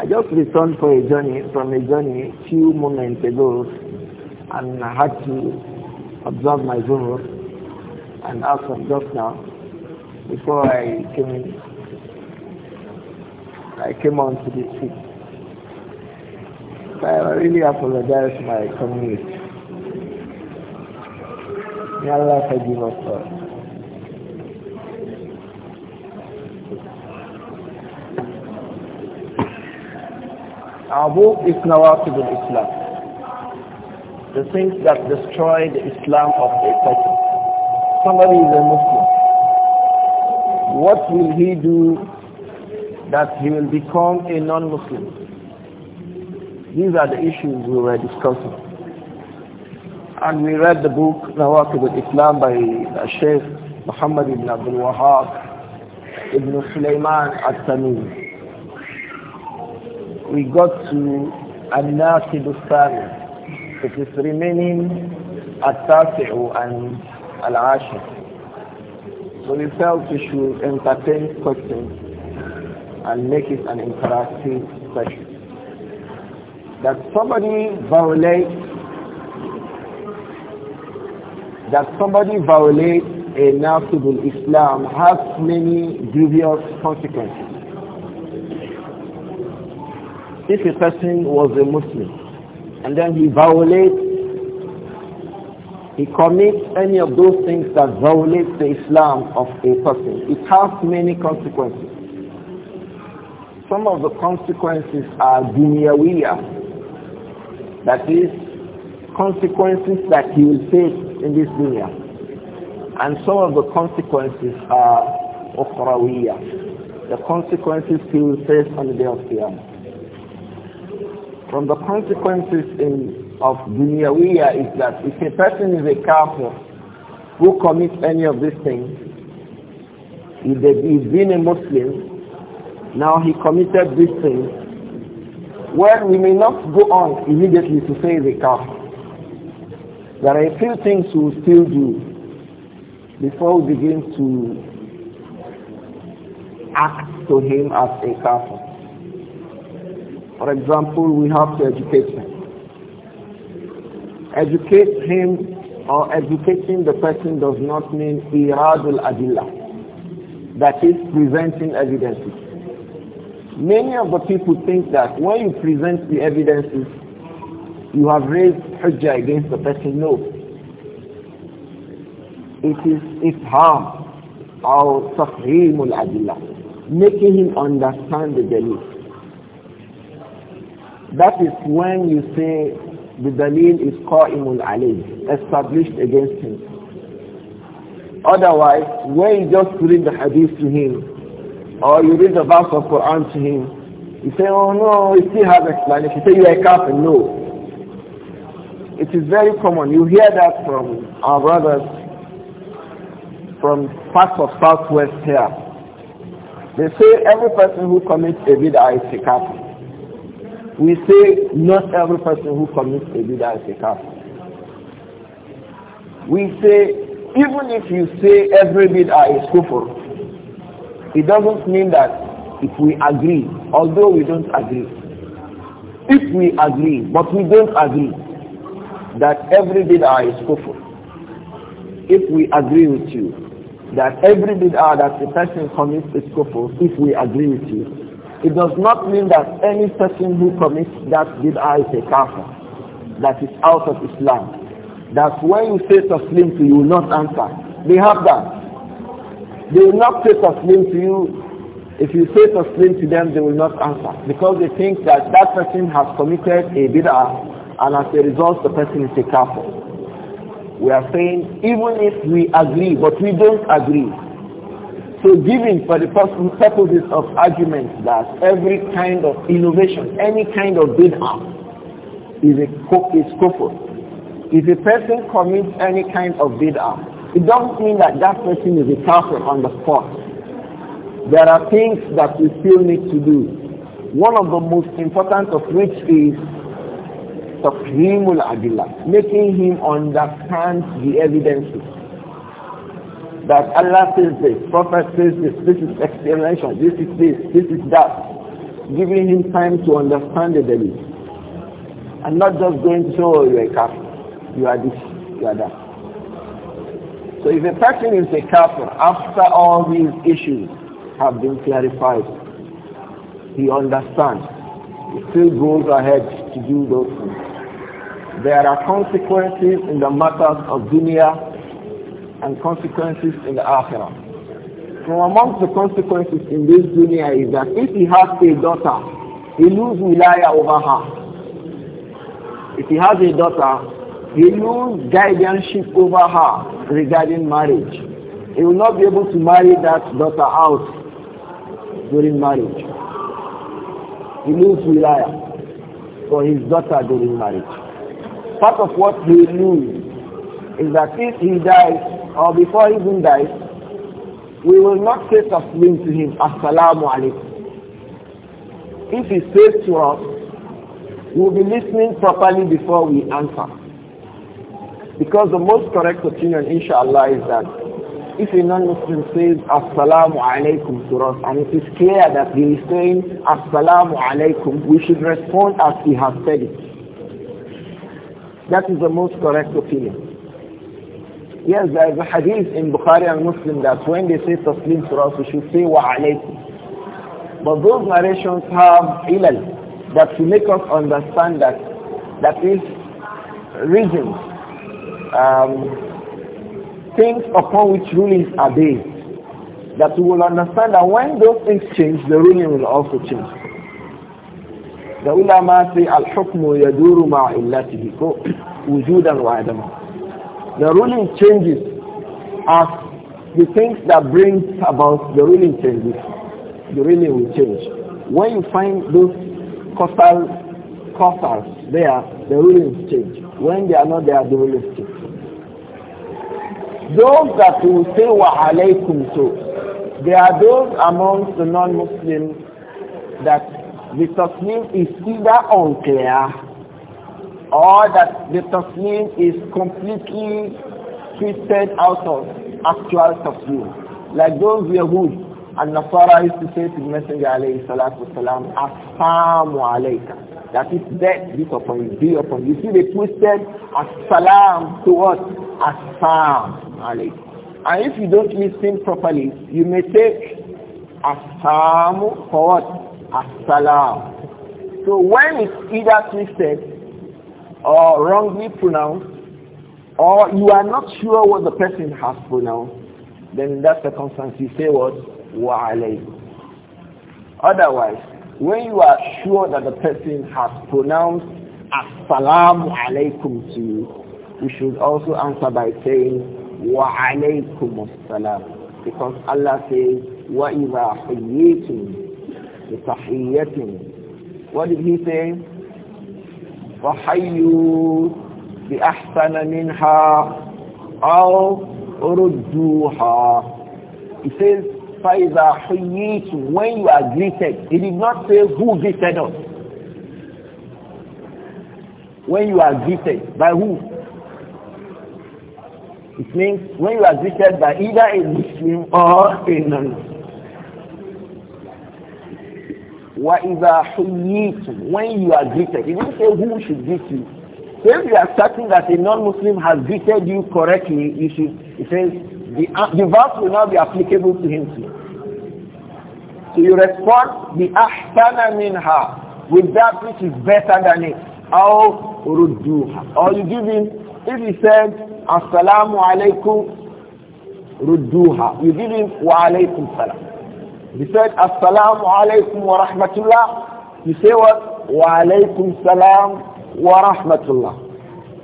I just returned for a journey, from a journey few moments ago and I had to observe my zuhur and asr just now before I came in. I came on to this seat. So I really apologize my community. May Allah forgive us all. Our book is Nawakib al-Islam. The things that destroy the Islam of a person. Somebody is a Muslim. What will he do that he will become a non-Muslim? These are the issues we were discussing. And we read the book Nawakib al-Islam by Sheikh Muhammad ibn Abdul Wahab ibn Sulaiman al-Tamimi we got to An-Nasib al It is remaining At-Tasi'u and Al-Ashir. So we felt we should entertain questions and make it an interactive session. That somebody violates that somebody violate a Nasib al-Islam has many grievous consequences. If a person was a Muslim and then he violates, he commits any of those things that violate the Islam of a person, it has many consequences. Some of the consequences are dunyawiyah, that is, consequences that he will face in this dunya. And some of the consequences are ukhrawiyah, the consequences he will face on the day of Qiyamah. From the consequences in, of dunyawiyya is that if a person is a kafir who commits any of these things, he is being a Muslim, now he committed these things, well, we may not go on immediately to say the kafir. There are a few things we will still do before we begin to act to him as a kafir. For example, we have to educate him. Educate him or educating the person does not mean iradul adilla. That is presenting evidences. Many of the people think that when you present the evidences, you have raised hujjah against the person. No. It is ifham or tafheemul adillah. Making him understand the belief. That is when you say the dalil is qa'imun alayh, established against him. Otherwise, when you just read the hadith to him, or you read the verse of Quran to him, you say, oh no, it still has explanation. You say, you are a kafir. No. It is very common. You hear that from our brothers from parts of Southwest here. They say every person who commits a bid'ah is a kafir we say not every person who commits a bid is a kafir. We say even if you say every bid'ah is kufr, it doesn't mean that if we agree, although we don't agree, if we agree, but we don't agree that every bid'ah is kufr, if we agree with you that every bid'ah that the person commits is kafir, if we agree with you, it does not mean that any person who commits that bid'ah is a kafir, that is out of Islam. That when you say taslim to you, will not answer. They have that. They will not say taslim to you. If you say taslim to them, they will not answer because they think that that person has committed a bid'ah and as a result the person is a kafir. We are saying even if we agree, but we don't agree, so giving for the purposes of argument that every kind of innovation, any kind of bid'ah is a is kufr. If a person commits any kind of bid'ah, it doesn't mean that that person is a kafir on the spot. There are things that we still need to do. One of the most important of which is Supreme adillah, making him understand the evidences that Allah says this, Prophet says this, this is explanation, this is this, this is that, giving him time to understand the belief. And not just going to show oh, you're a kafir, you are this, you are that. So if a person is a kafir, after all these issues have been clarified, he understands. He still goes ahead to do those things. There are consequences in the matters of dunya and consequences in the akhirah. From amongst the consequences in this dunya is that if he has a daughter, he loses wilaya over her. If he has a daughter, he loses guardianship over her regarding marriage. He will not be able to marry that daughter out during marriage. He loses wilaya for his daughter during marriage. Part of what he loses is that if he dies or before he even dies, we will not say taslim to him, assalamu alaikum. If he says to us, we will be listening properly before we answer. Because the most correct opinion, inshallah, is that if a non-Muslim says assalamu alaikum to us and it is clear that he is saying assalamu alaikum, we should respond as he has said it. That is the most correct opinion. Yes, there is a hadith in Bukhari and Muslim that when they say taslim to us, we should say wa alaykum. But those narrations have ilal that to make us understand that that is reasons, um, things upon which rulings are based. That we will understand that when those things change, the ruling will also change. The ulama say al-hukmu yaduru ma'illatihi wujudan wa the ruling changes as the things that bring about the ruling changes. The ruling will change. When you find those causal causals there, the rulings change. When they are not there, the rulings change. Those that will say wa alaykum so, they are those amongst the non-Muslims that the taslim is either unclear or that the tafsir is completely twisted out of actual tafsir, Like those Yahud and Nasara used to say to the Messenger alayhi salatu wasalam, Assalamu alayka. That is death be upon you, be upon you. see they twisted Assalam to us, Assam alayka. And if you don't listen properly, you may take Assamu for what? Assalam. So when it's either twisted, or wrongly pronounced or you are not sure what the person has pronounced, then in that circumstance you say what? وَعَلَيْهِ Otherwise, when you are sure that the person has pronounced Assalamu alaikum to you, you should also answer by saying Wa alaykum salam. Because Allah says, وَإِذَا حَيِّيتُمْ بِتَحِيَّةٍ What did he say? فحيوا بأحسن منها أو ردوها He says, فَإِذَا حييت When you are greeted, he did not say who greeted us. When you are greeted, by who? It means when you are greeted by either a Muslim or a non-Muslim. وَإِذَا حُيِّيتُمْ When you are greeted. He didn't say who should greet you. So if you are certain that a non-Muslim has greeted you correctly, you should, he says, the, uh, the verse will not be applicable to him too. So you respond, the ahsana minha, with that which is better than it. Or rudduha. Or you give him, if he said, assalamu alaikum, rudduha. You give him, wa alaikum salam. He said, Assalamu alaikum wa rahmatullah. You say what? Wa alaikum salam wa rahmatullah.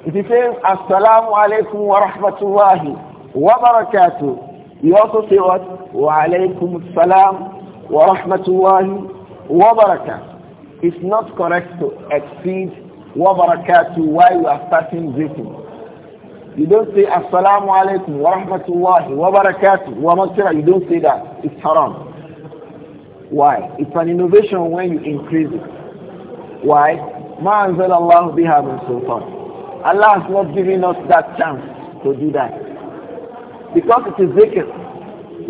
If you say, Assalamu alaikum wa rahmatullahi wa barakatuh, you also say what? Wa alaikum salam wa rahmatullahi wa barakatuh. It's not correct to exceed wa barakatuh while you are starting greeting. You don't say assalamu alaikum wa rahmatullahi wa barakatuh wa You don't say that. It's haram. Why? It's an innovation when you increase it. Why? Ma'anzal Allah having so far. Allah has not given us that chance to do that. Because it is zikr.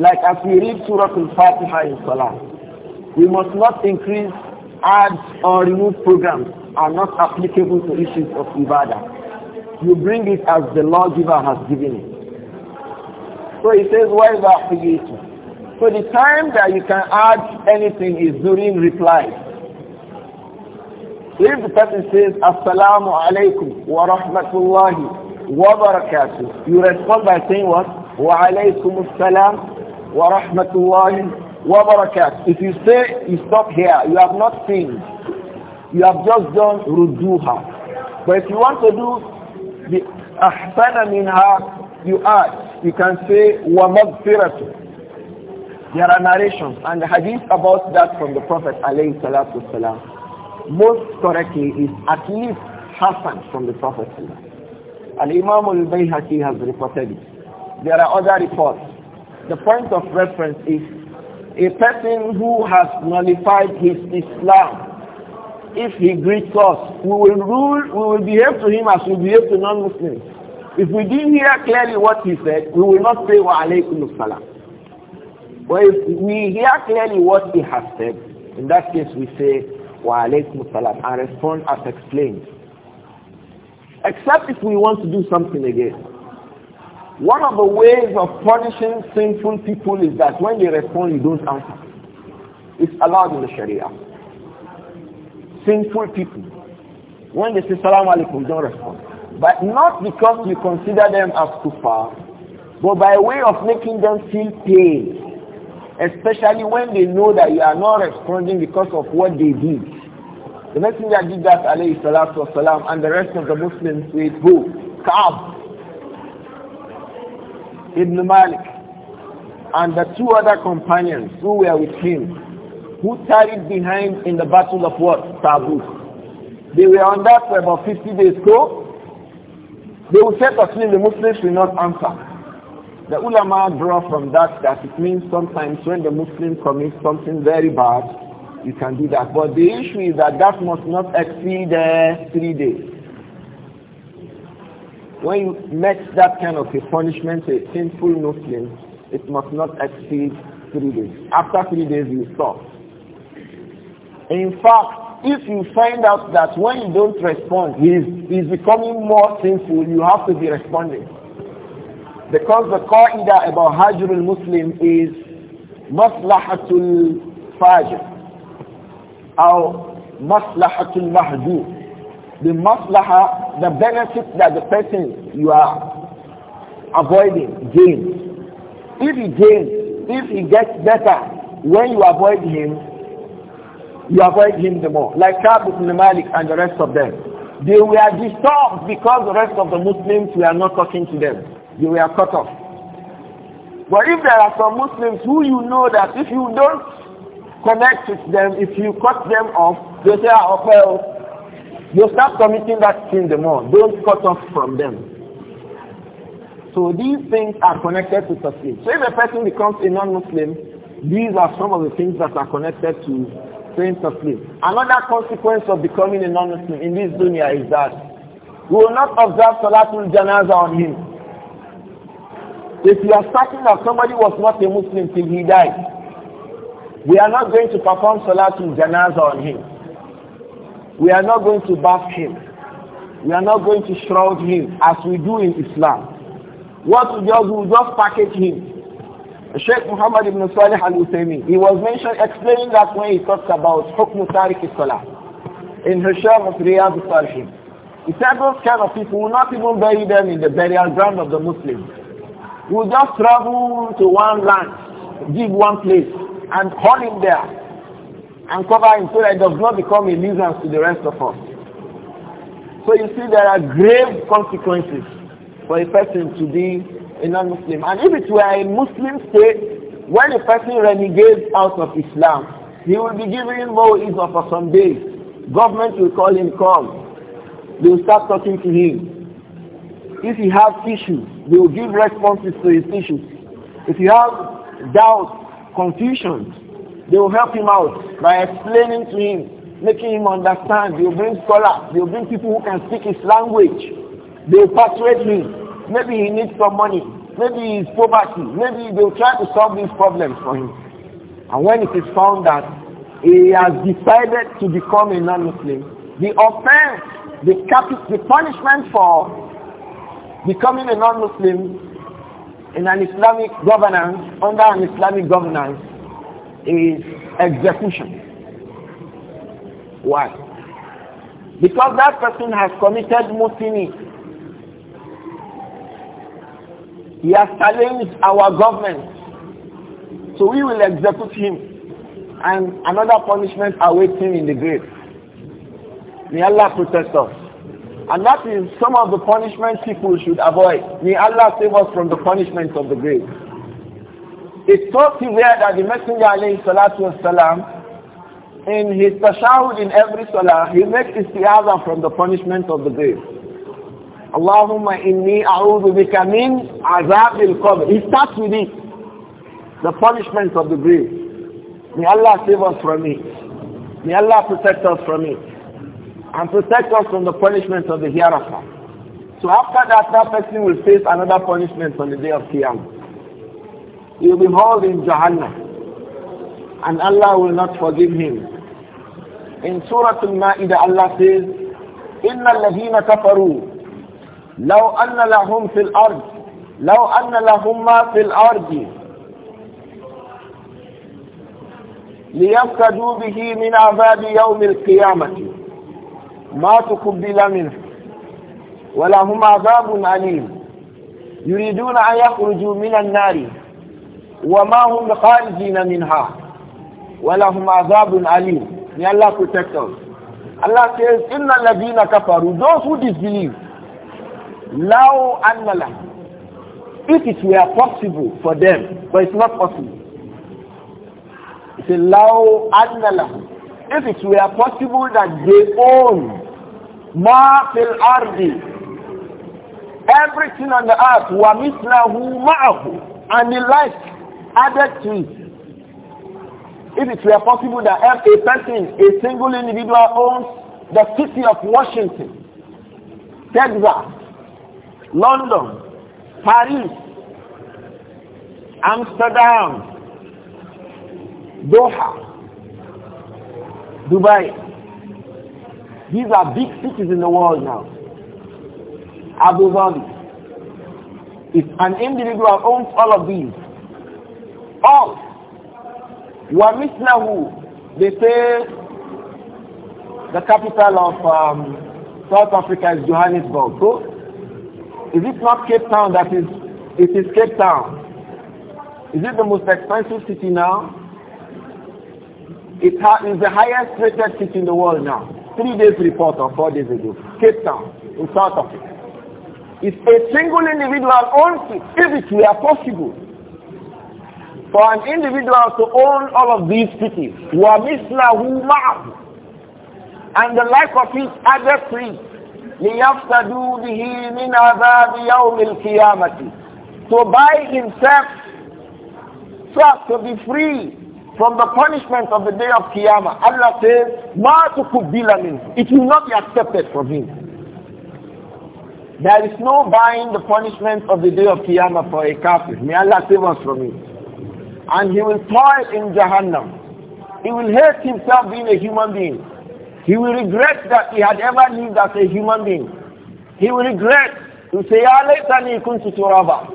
Like as we read Surah Al-Fatiha in Salah, we must not increase, add or remove programs are not applicable to issues of Ibadah. You bring it as the lawgiver has given it. So he says, why is that created? So the time that you can add anything is during reply. If the person says, Assalamu alaikum wa rahmatullahi wa barakatuh, you respond by saying what? Wa alaikum assalam wa rahmatullahi wa barakatuh. If you say, you stop here, you have not seen. You have just done ruduha. But if you want to do the ahsana minha, you add. You can say, wa magfiratuh there are narrations and the hadith about that from the Prophet alayhi salatu salam. Most correctly is at least Hassan from the Prophet Al-Imam al-Bayhaqi has reported it. There are other reports. The point of reference is a person who has nullified his Islam if he greets us, we will rule, we will behave to him as we behave to non-Muslims. If we didn't hear clearly what he said, we will not say wa alaykum salam. But if we hear clearly what he has said, in that case we say, wa alaykum salam, and respond as explained. Except if we want to do something again. One of the ways of punishing sinful people is that when they respond, you don't answer. It's allowed in the Sharia. Sinful people, when they say salam alaikum, don't respond. But not because you consider them as kuffar, but by way of making them feel pain Especially when they know that you are not responding because of what they did. The messenger did that, alayhi salatu wasalam, and the rest of the Muslims with who? Ka'ab ibn Malik and the two other companions who were with him who tarried behind in the battle of what? Tabuk. They were on that for about 50 days. So they will say to the Muslims will not answer. The ulama draw from that that it means sometimes when the Muslim commits something very bad, you can do that. But the issue is that that must not exceed uh, three days. When you met that kind of a punishment a sinful Muslim, it must not exceed three days. After three days, you stop. In fact, if you find out that when you don't respond, he's he is becoming more sinful, you have to be responding. Because the qaida about Hajrul Muslim is Maslahatul Fajr or Maslahatul Mahdu. The maslaha, the benefit that the person you are avoiding gains. If he gains, if he gets better, when you avoid him, you avoid him the more. Like Ka'b ibn Malik and the rest of them. They were disturbed because the rest of the Muslims were not talking to them you were cut off. But if there are some Muslims who you know that if you don't connect with them, if you cut them off, they say, ah, oh, well, you start committing that sin the more. Don't cut off from them. So these things are connected to Taslim. So if a person becomes a non-Muslim, these are some of the things that are connected to saying Taslim. Another consequence of becoming a non-Muslim in this dunya is that we will not observe Salatul Janaza on him. If you are starting that somebody was not a Muslim till he died, we are not going to perform salat in Janaza on him. We are not going to bath him. We are not going to shroud him as we do in Islam. What we just we just package him. Sheikh Muhammad ibn Salih al Uthaymeen, he was mentioned explaining that when he talks about Hukm Tariq Salah in his share of Riyadh al He said those kind of people will not even bury them in the burial ground of the Muslims. We just travel to one land, give one place, and hold him there, and cover him so that it does not become a nuisance to the rest of us. So you see there are grave consequences for a person to be a non-Muslim. And if it were a Muslim state, when a person renegades out of Islam, he will be given more ease for some days. Government will call him come. They will start talking to him. If he has issues, they will give responses to his issues. If you have doubts, confusions, they will help him out by explaining to him, making him understand. They will bring scholars. They will bring people who can speak his language. They will persuade him. Maybe he needs some money. Maybe he's poverty. Maybe they will try to solve these problems for him. And when it is found that he has decided to become a non-Muslim, the offense, the, capital, the punishment for Becoming a non-Muslim in an Islamic governance, under an Islamic governance, is execution. Why? Because that person has committed mutiny. He has challenged our government. So we will execute him. And another punishment awaits him in the grave. May Allah protect us. And that is some of the punishments people should avoid. May Allah save us from the punishment of the grave. It's totally weird that the Messenger alayhi salatu wasalam, in his tashahud in every salah, he makes istiaza from the punishment of the grave. Allahumma inni a'udhu bika min azab al-qabr. He starts with it. The punishment of the grave. May Allah save us from it. May Allah protect us from it and protect us from the punishment of the hereafter. So after that, that person will face another punishment on the day of Qiyamah. He will be hauled in Jahannam. And Allah will not forgive him. In Surah Al-Ma'idah, Allah says, إِنَّ الَّذِينَ كَفَرُوا لَوْ أَنَّ لَهُمْ فِي الْأَرْضِ لَوْ أَنَّ لَهُمْ مَا فِي الْأَرْضِ ليفتدوا به من عذاب يوم القيامة ما تقبل منه ولهم عذاب عليم يريدون أن يخرجوا من النار وما هم خارجين منها ولهم عذاب عليم May Allah protect us Allah says إن الذين كفروا those who disbelieve لو أن لهم if it were possible for them but it's not possible it's a أن anna if it were possible that they own ma fil ardi everything on the earth wa mithlahu ma'ahu and the like added to it if it were possible that every person a single individual owns the city of Washington Texas London Paris Amsterdam Doha Dubai These are big cities in the world now. Abu Dhabi. If an individual owns all of these, all, Wamislahu, they say the capital of um, South Africa is Johannesburg. So, is it not Cape Town that is, it is Cape Town. Is it the most expensive city now? It is the highest rated city in the world now three days report or four days ago, Cape Town, in South Africa. If a single individual owns it, if it were possible for an individual to own all of these cities, وَمِثْلَهُ مَعَهُ And the like of his other free, لِيَفْتَدُوا بِهِ مِنْ عَذَابِ يَوْمِ الْقِيَامَةِ To buy himself, so to be free from the punishment of the day of Qiyamah. Allah says, Ma tukubbila It will not be accepted from him. There is no buying the punishment of the day of Qiyamah for a kafir. May Allah save us from it. And he will toil in Jahannam. He will hate himself being a human being. He will regret that he had ever lived as a human being. He will regret. to say, Ya laytani kuntu turaba.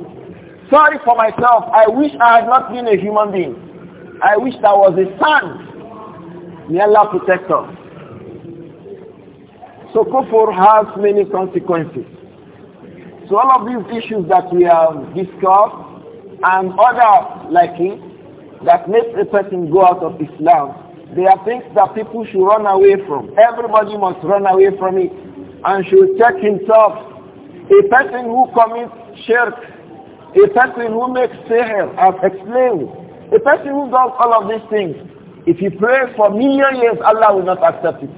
Sorry for myself. I wish I had not been a human being. I wish there was a sand. May Allah protect us. So kufur has many consequences. So all of these issues that we have discussed and other like it that makes a person go out of Islam, they are things that people should run away from. Everybody must run away from it and should check himself. A person who commits shirk, a person who makes sihr, as explained, a person who does all of these things, if he prays for million years, Allah will not accept it.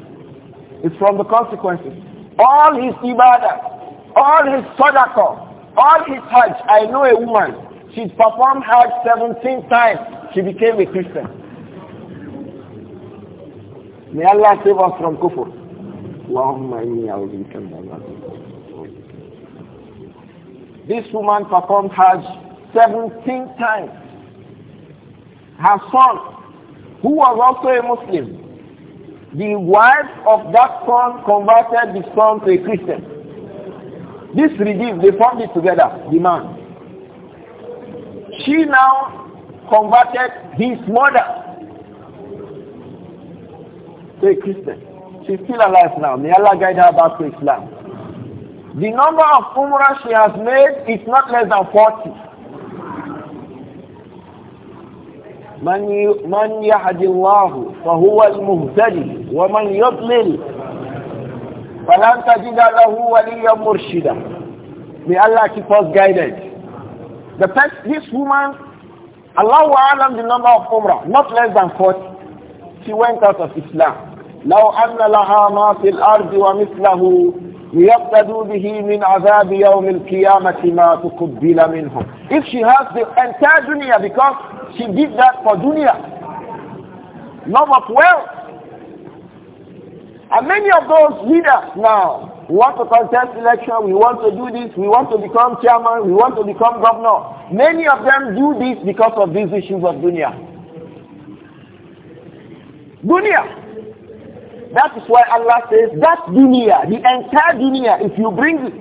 It's from the consequences. All his ibadah, all his sadaqah, all his hajj. I know a woman, she performed hajj 17 times. She became a Christian. May Allah save us from kufr. This woman performed hajj 17 times her son, who was also a Muslim. The wife of that son converted the son to a Christian. This redeemed, they formed it together, the man. She now converted his mother to a Christian. She's still alive now. May Allah guide her back to Islam. The number of umrah she has made is not less than 40. من من يهدي الله فهو المهتدي ومن يضلل فلن تجد له وليا مرشدا may Allah keep us guided the first this woman Allah wa alam the number of umrah not less than 40 she went out of Islam لو أن لها ما في الأرض ومثله ليقتدوا به من عذاب يوم القيامة ما تقبل منهم if she has the entire dunya because She did that for dunya. Love of wealth. And many of those leaders now, who want to contest election, we want to do this, we want to become chairman, we want to become governor. Many of them do this because of these issues of dunya. Dunya. That is why Allah says that dunya, the entire dunya, if you bring it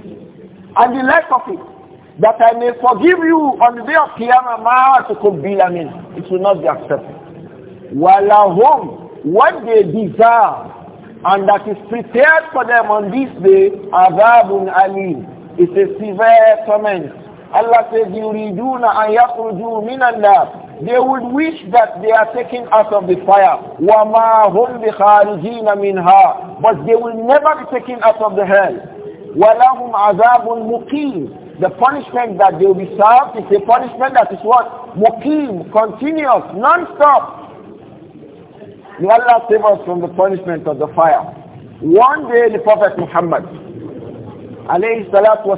and the life of it, that I may forgive you on the day of Qiyamah ma'atukum bilamin. It will not be accepted. Walahum, what they desire and that is prepared for them on this day, azabun alim. It's a severe torment. Allah says, yuriduna an yakhruju minan nar. They would wish that they are taken out of the fire. وَمَا هُمْ بِخَارِجِينَ مِنْهَا But they will never be taken out of the hell. وَلَهُمْ عَذَابٌ مُقِيمٌ the punishment that they will be served is a punishment that is what? Mukim, continuous, non-stop. May Allah save us from the punishment of the fire. One day the Prophet Muhammad alayhi salatu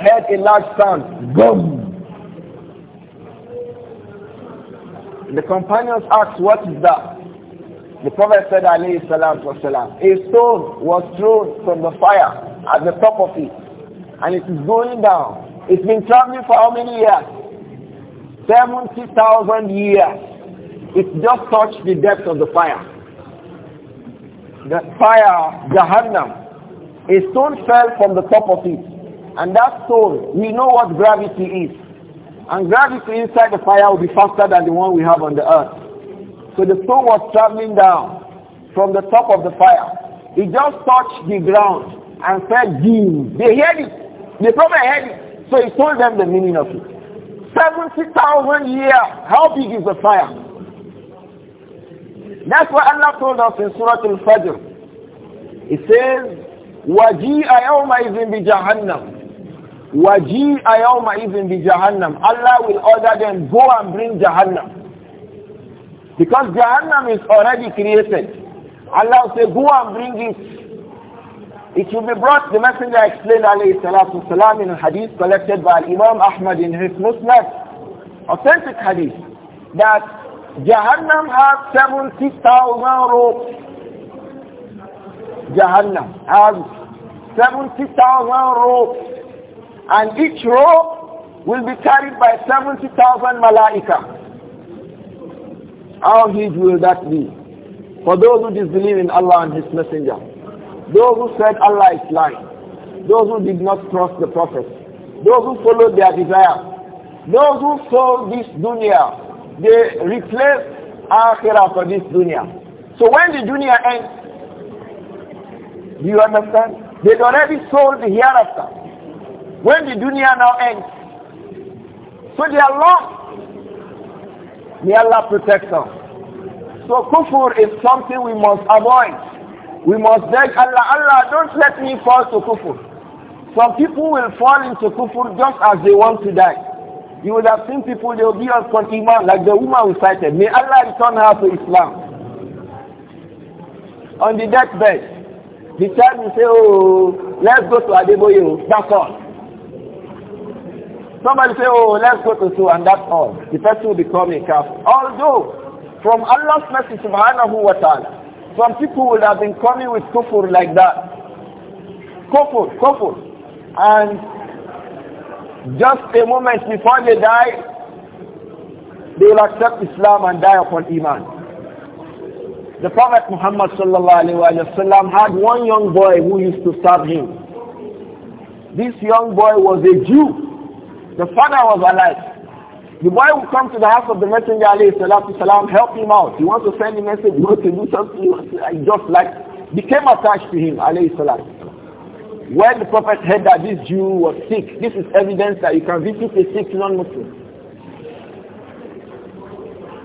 heard a large sound. Boom! The companions asked, what is that? The Prophet said alayhi a stone was thrown from the fire at the top of it and it is going down. It's been traveling for how many years? 70,000 years. It just touched the depth of the fire. The fire, Jahannam, a stone fell from the top of it. And that stone, we know what gravity is. And gravity inside the fire will be faster than the one we have on the earth. So the stone was traveling down from the top of the fire. It just touched the ground and said, Give. They heard it. The prophet heard it, so he told them the meaning of it. 70,000 years, how big is the fire? That's what Allah told us in Surah Al-Fajr. It says, وَجِيءَ يَوْمَئِذٍ بِجَهَنَّمْ وَجِيءَ يَوْمَئِذٍ بِجَهَنَّمْ Allah will order them, go and bring Jahannam. Because Jahannam is already created. Allah will say, go and bring it it will be brought, the Messenger explained alayhi salatu salam in a hadith collected by Imam Ahmad in his Musnad, authentic hadith, that Jahannam has 70,000 ropes. Jahannam has 70,000 ropes and each rope will be carried by 70,000 malaika. How huge will that be for those who disbelieve in Allah and His Messenger? Those who said Allah is lying. Those who did not trust the Prophet. Those who followed their desire. Those who sold this dunya. They replaced akhirah for this dunya. So when the dunya ends, do you understand? they already sold the hereafter. When the dunya now ends, so they are lost. May Allah protect them. So kufur is something we must avoid. We must beg Allah, Allah, don't let me fall to kufr. Some people will fall into kufr just as they want to die. You would have seen people, they will be upon Iman, like the woman we cited. May Allah return her to Islam. On the deathbed, the child will say, oh, let's go to Adeboye, oh, that's all. Somebody say, oh, let's go to so and that's all. The person will become a calf. Although, from Allah's mercy subhanahu wa ta'ala, some people would have been coming with kufur like that. Kufur, kufur. And just a moment before they die, they will accept Islam and die upon Iman. The Prophet Muhammad sallallahu alaihi wasallam had one young boy who used to serve him. This young boy was a Jew. The father was alive. The boy will come to the house of the messenger, alayhi salatu salam, help him out. He wants to send a message, go to do something. I just like, became attached to him, alayhi salatu When the prophet heard that this Jew was sick, this is evidence that you can visit a sick non-Muslim.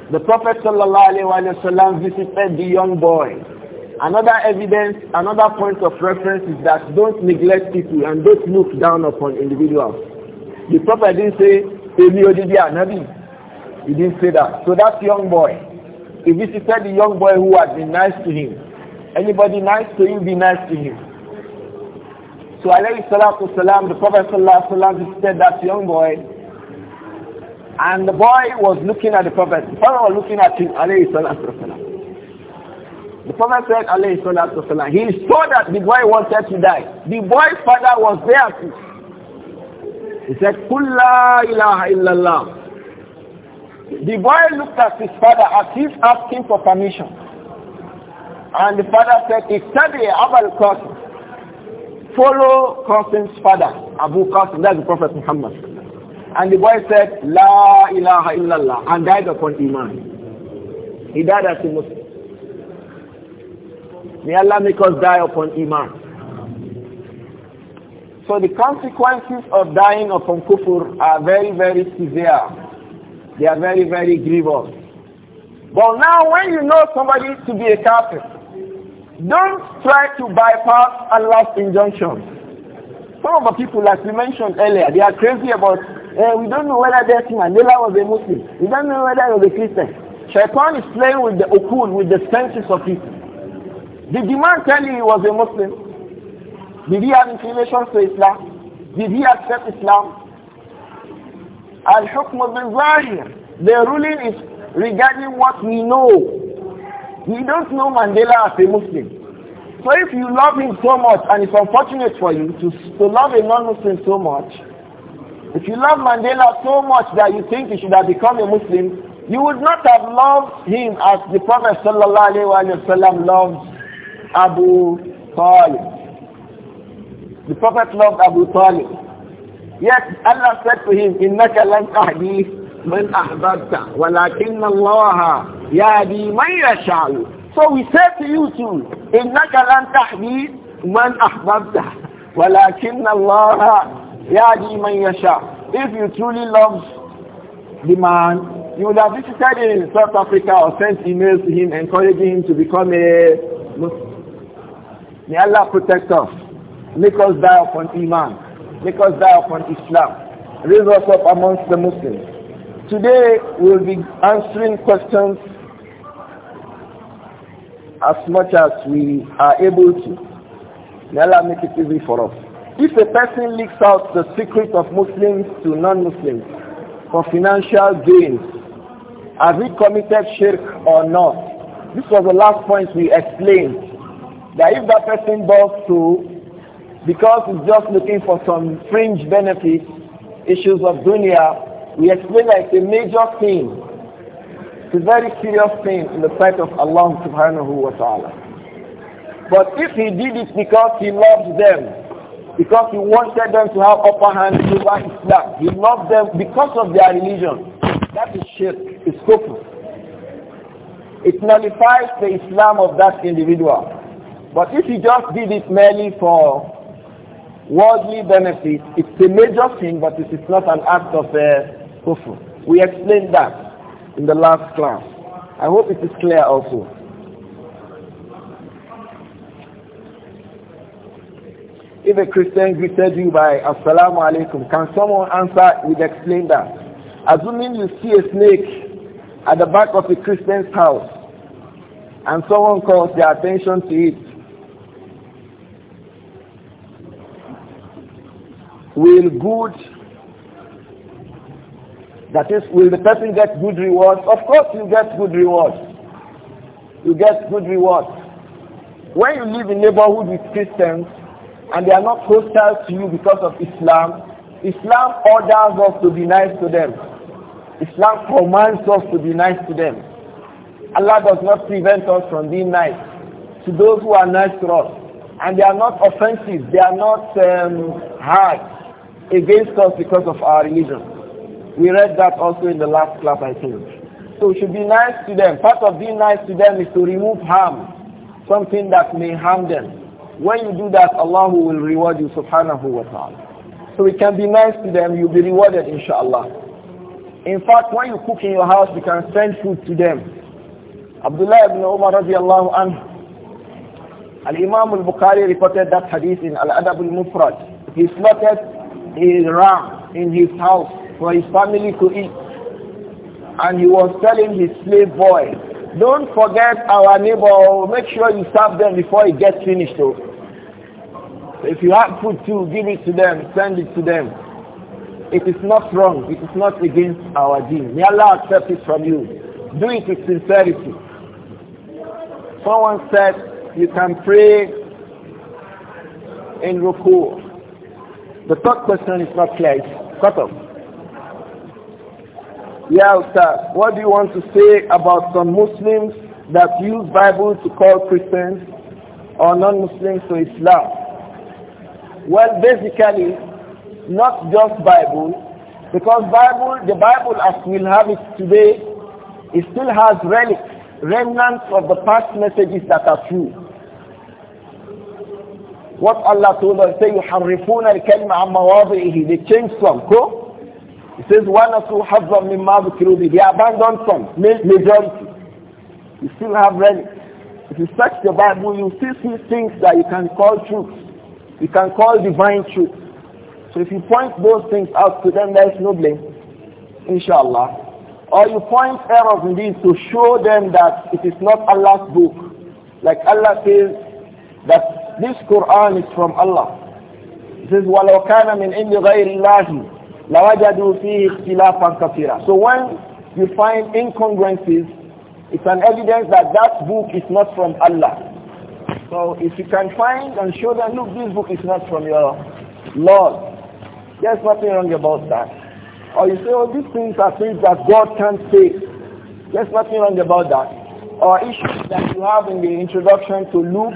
The Prophet wasallam visited the young boy. Another evidence, another point of reference is that don't neglect people and don't look down upon individuals. The Prophet didn't say, Èmi odidi Ànábì. He didn't say that. So that young boy, he visited the young boy who had been nice to him. Anybody nice to him, be nice to him. So alayhi salatu salam, the Prophet sallallahu salam visited that young boy. And the boy was looking at the Prophet. The Prophet was looking at him, alayhi salatu salam. The Prophet said, alayhi salatu salam, he saw that the boy wanted to die. The boy's father was there too. He said, Kulla ilaha illallah. The boy looked at his father as if asking for permission. And the father said, Ittabi Abul Qasim. Follow Qasim's father, Abu Qasim, that's the Prophet Muhammad. And the boy said, La ilaha illallah, and died upon Iman. He died as a Muslim. May Allah make us die upon Iman. So the consequences of dying upon kufr are very, very severe. They are very, very grievous. But now when you know somebody to be a kafir, don't try to bypass Allah's injunction. Some of the people, as we mentioned earlier, they are crazy about, eh, we don't know whether that Mandela was a Muslim. We don't know whether he was a Christian. Shaitan is playing with the ukul, with the senses of people. Did the man tell you he was a Muslim? Did he have inclination to Islam? Did he accept Islam? Al-Hukm al-Zahir. The ruling is regarding what we know. We don't know Mandela as a Muslim. So if you love him so much, and it's unfortunate for you to, to love a non-Muslim so much, if you love Mandela so much that you think he should have become a Muslim, you would not have loved him as the Prophet ﷺ loved Abu Talib. The Prophet loved Abu Talib. Yet Allah said to him, إِنَّكَ لَنْ تَهْدِي مَنْ أَحْبَبْتَ وَلَكِنَّ اللَّهَ يَهْدِي مَنْ So we said to you too, إِنَّكَ لَنْ تَهْدِي مَنْ أَحْبَبْتَ وَلَكِنَّ اللَّهَ يَهْدِي مَنْ If you truly love the man, you would have visited him in South Africa or sent emails to him encouraging him to become a Muslim. May Allah protect us. Make us die upon Iman. Make us die upon Islam. Raise us up amongst the Muslims. Today we'll be answering questions as much as we are able to. May Allah make it easy for us. If a person leaks out the secret of Muslims to non-Muslims for financial gains, has he committed shirk or not? This was the last point we explained. That if that person does to because he's just looking for some fringe benefits, issues of dunya, we explain that it's a major thing. It's a very serious thing in the sight of Allah subhanahu wa ta'ala. But if he did it because he loved them, because he wanted them to have upper hand over Islam. He loved them because of their religion. That is shirk. It's kufr. It nullifies the Islam of that individual. But if he just did it merely for worldly benefit, it's a major thing, but it is not an act of uh, kufr. We explained that in the last class. I hope it is clear also. If a Christian greeted you by Assalamu alaikum, can someone answer? We'd explain that. Assuming you see a snake at the back of a Christian's house and someone calls their attention to it, will good that is will the person get good rewards of course you get good rewards you get good rewards when you live in neighborhood with christians and they are not hostile to you because of islam islam orders us to be nice to them islam commands us to be nice to them allah does not prevent us from being nice to those who are nice to us and they are not offensive they are not um, hard against us because of our religion. We read that also in the last class, I think. So we should be nice to them. Part of being nice to them is to remove harm, something that may harm them. When you do that, Allah will reward you, subhanahu wa ta'ala. So we can be nice to them, you'll be rewarded, inshallah. In fact, when you cook in your house, you can send food to them. Abdullah ibn Umar radiallahu anhu, Al-Imam al-Bukhari reported that hadith in Al-Adab al-Mufrad. He slaughtered his ram in his house for his family to eat. And he was telling his slave boy, don't forget our neighbor, make sure you serve them before it gets finished. Though. If you have food too, give it to them, send it to them. It is not wrong, it is not against our deen. May Allah accept it from you. Do it with sincerity. Someone said you can pray in ruku the third question is not clear. It's cut off. Yeah, Ustaz, what do you want to say about some Muslims that use Bible to call Christians or non-Muslims to Islam? Well, basically, not just Bible, because Bible, the Bible as we have it today, it still has relics, remnants of the past messages that are true. What Allah told us, say, يُحَرِّفُونَ الْكَلْمَ عَمَّ وَاضِئِهِ They changed some. Go. He says, وَنَسُوا حَظًّا مِمَّا ذُكِرُوا بِهِ They abandon some, majority. You still have relics. If you search the Bible, you still see things that you can call truth. You can call divine truth. So if you point those things out to them, there is no blame. Inshallah. Or you point errors in these to show them that it is not Allah's book. Like Allah says that this Quran is from Allah. It says, وَلَوْ كَانَ مِنْ عِنْدِ غَيْرِ اللَّهِ لَوَجَدُوا فِيهِ اخْتِلَافًا كَثِيرًا So when you find incongruencies, it's an evidence that that book is not from Allah. So if you can find and show them, look, this book is not from your Lord. There's nothing wrong about that. Or you say, oh, these things are things that God can't say. There's nothing wrong about that. Or issues that you have in the introduction to Luke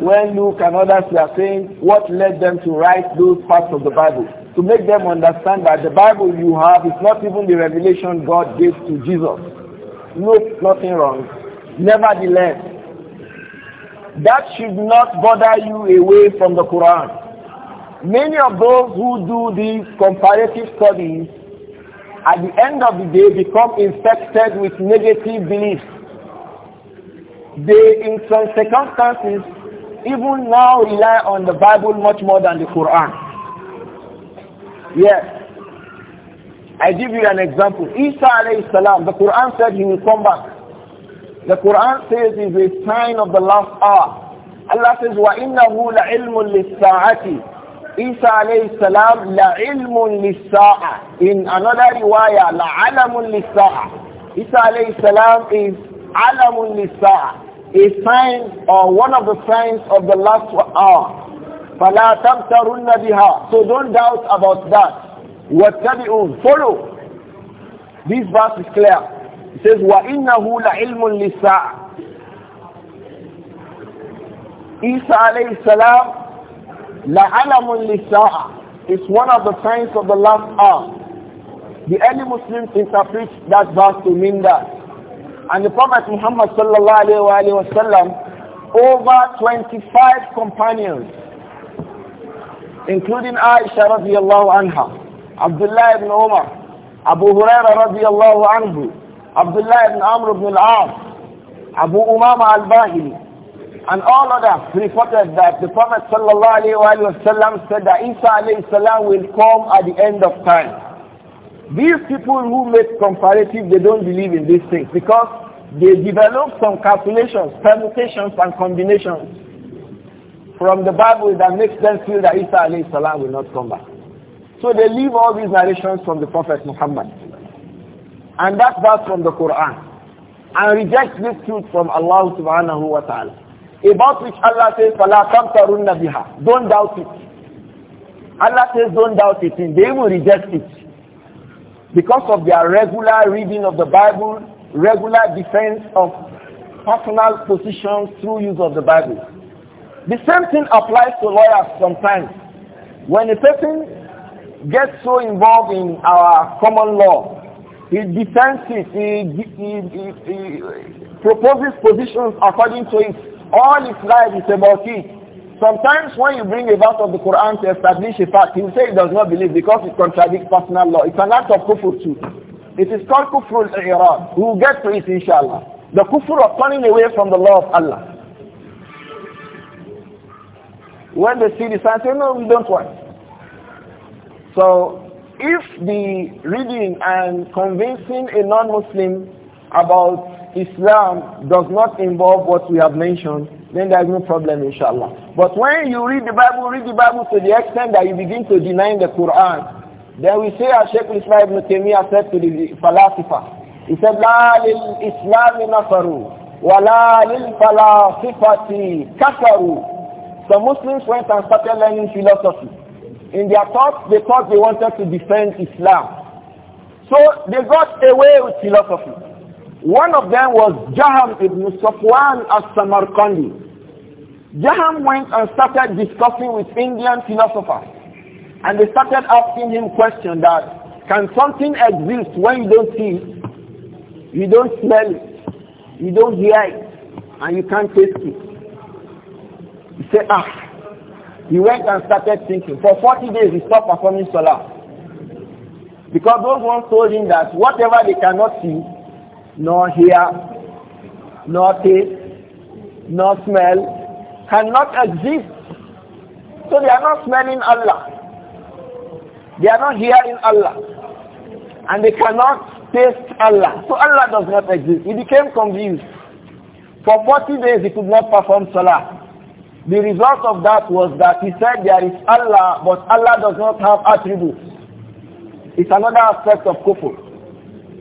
when Luke and others were saying what led them to write those parts of the Bible, to make them understand that the Bible you have is not even the revelation God gave to Jesus. No, nothing wrong. Nevertheless, that should not bother you away from the Quran. Many of those who do these comparative studies at the end of the day become infected with negative beliefs. They, in some circumstances, even now rely on the Bible much more than the Quran. Yes. I give you an example. Isa alayhi salam, the Quran said he will come back. The Quran says is a sign of the last hour. Allah says, وَإِنَّهُ لَعِلْمٌ لِلسَّاعَةِ Isa alayhi salam la ilmun lisa'a. In another riwayah, la alamun lisa'a. Isa alayhi salam is alamun lisa'a a sign or one of the signs of the last hour. فَلَا تَمْتَرُنَّ بِهَا So don't doubt about that. وَاتَّبِعُونَ Follow. This verse is clear. It says, وَإِنَّهُ لَعِلْمٌ لِلسَّاعَةِ Isa alayhi salam, لَعَلَمٌ لِلسَّاعَةِ It's one of the signs of the last hour. The early Muslims interpret that verse to mean that. And the Prophet Muhammad sallallahu alayhi wasallam, over 25 companions, including Aisha radiallahu anha, Abdullah ibn Umar, Abu Huraira radiallahu anhu, Abdullah ibn Amr ibn al-As, Abu Umama al-Bahili, and all others reported that the Prophet sallallahu alayhi wasallam said that Isa alayhi salam will come at the end of time. These people who make comparative, they don't believe in these things because they develop some calculations, permutations and combinations from the Bible that makes them feel that Isa alayhi salam will not come back. So they leave all these narrations from the Prophet Muhammad. And that verse from the Quran. And reject this truth from Allah subhanahu wa ta'ala. About which Allah says, فَلَا biha." بِهَا Don't doubt it. Allah says don't doubt it. And they will reject it. Because of their regular reading of the Bible, regular defense of personal positions through use of the Bible. The same thing applies to lawyers sometimes. When a person gets so involved in our common law, he defends it, he, he, he, he proposes positions according to it. All his life is about it. Sometimes when you bring a verse of the Quran to establish a fact, he will say he does not believe because it contradicts personal law. It's an act of kufr too. It is called kufr al-i'rad. We will get to it inshallah. The kufr of turning away from the law of Allah. When they see the sign, say, no, we don't want. So, if the reading and convincing a non-Muslim about Islam does not involve what we have mentioned, then there is no problem, inshallah. But when you read the Bible, read the Bible to the extent that you begin to deny the Quran, then we say as ah, Sheikh Islam ibn Taymiyyah said to the falasifa, he said, La lil Islam nafaru, wa la lil falasifati kafaru. Some Muslims went and started learning philosophy. In their thoughts, they thought they wanted to defend Islam. So they got away with philosophy. One of them was Jaham ibn Safwan al-Samarkandi. Jaham went and started discussing with Indian philosophers. And they started asking him questions: that, can something exist when you don't see it? You don't smell it. You don't hear it. And you can't taste it. He said, ah. He went and started thinking. For 40 days he stopped performing salah. Because those ones told him that whatever they cannot see, nor hear, nor taste, nor smell, cannot exist. So they are not smelling Allah. They are not hearing Allah. And they cannot taste Allah. So Allah does not exist. He became confused. For 40 days he could not perform salah. The result of that was that he said there is Allah, but Allah does not have attributes. It's another aspect of kufr.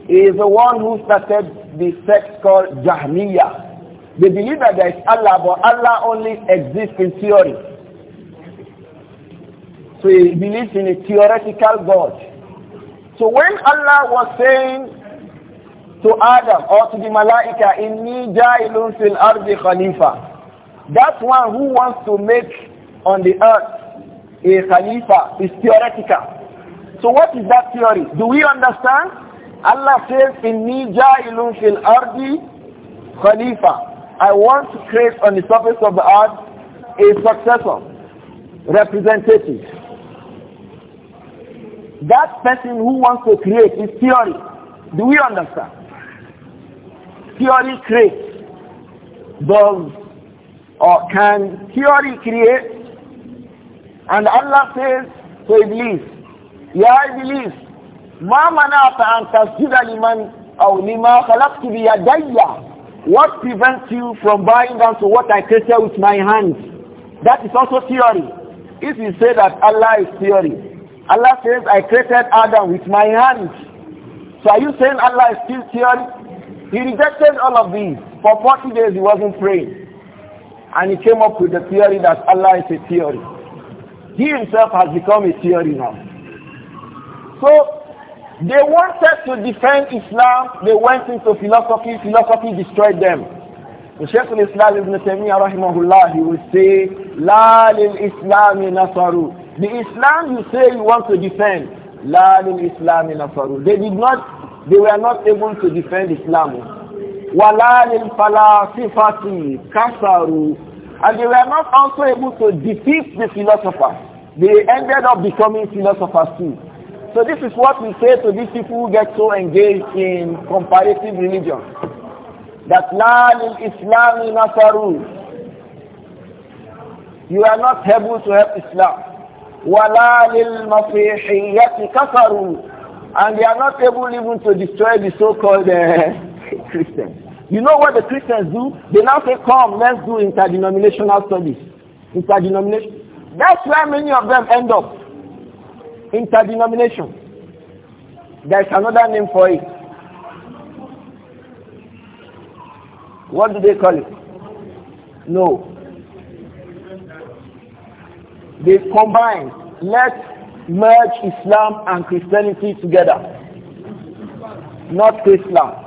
He is the one who started the sect called Jahmiyyah. They believe that there is Allah, but Allah only exists in theory. So he believes in a theoretical God. So when Allah was saying to Adam or to the Malaika, Inni ja'ilun fil ardi khalifa, that one who wants to make on the earth a khalifa is theoretical. So what is that theory? Do we understand? Allah says, Inni ja'ilun fil ardi khalifa. I want to create on the surface of the earth a successor, representative that person who wants to create is theory. Do we understand? Theory creates. Does or can theory create? And Allah says to Iblis, Ya Iblis, ما منعت أن تسجد لمن أو لما خلقت بيدي What prevents you from buying down to what I created with my hands? That is also theory. If you say that Allah is theory, Allah says, I created Adam with my hand. So are you saying Allah is still theory? He rejected all of these. For 40 days he wasn't praying. And he came up with the theory that Allah is a theory. He himself has become a theory now. So they wanted to defend Islam. They went into philosophy. Philosophy destroyed them. The sheik of al-Islam ibn Taymiyyah rahimahullah, he will say, La lil-Islami nasaru. The Islam you say you want to defend, La Islam in Afaru. They did not, they were not able to defend Islam. Wala lil falasifati kafaru. And they were not also able to defeat the philosophers. They ended up becoming philosophers too. So this is what we say to these people who get so engaged in comparative religion. That La Islam in Afaru. You are not able to help Islam. وَلَا لِلْمَسِيحِيَّةِ كَفَرُوا And they are not able even to destroy the so-called uh, Christians. You know what the Christians do? They now say, come, let's do interdenominational studies. Interdenomination. That's where many of them end up. Interdenomination. There's another name for it. What do they call it? No they combine. Let's merge Islam and Christianity together. Not Islam.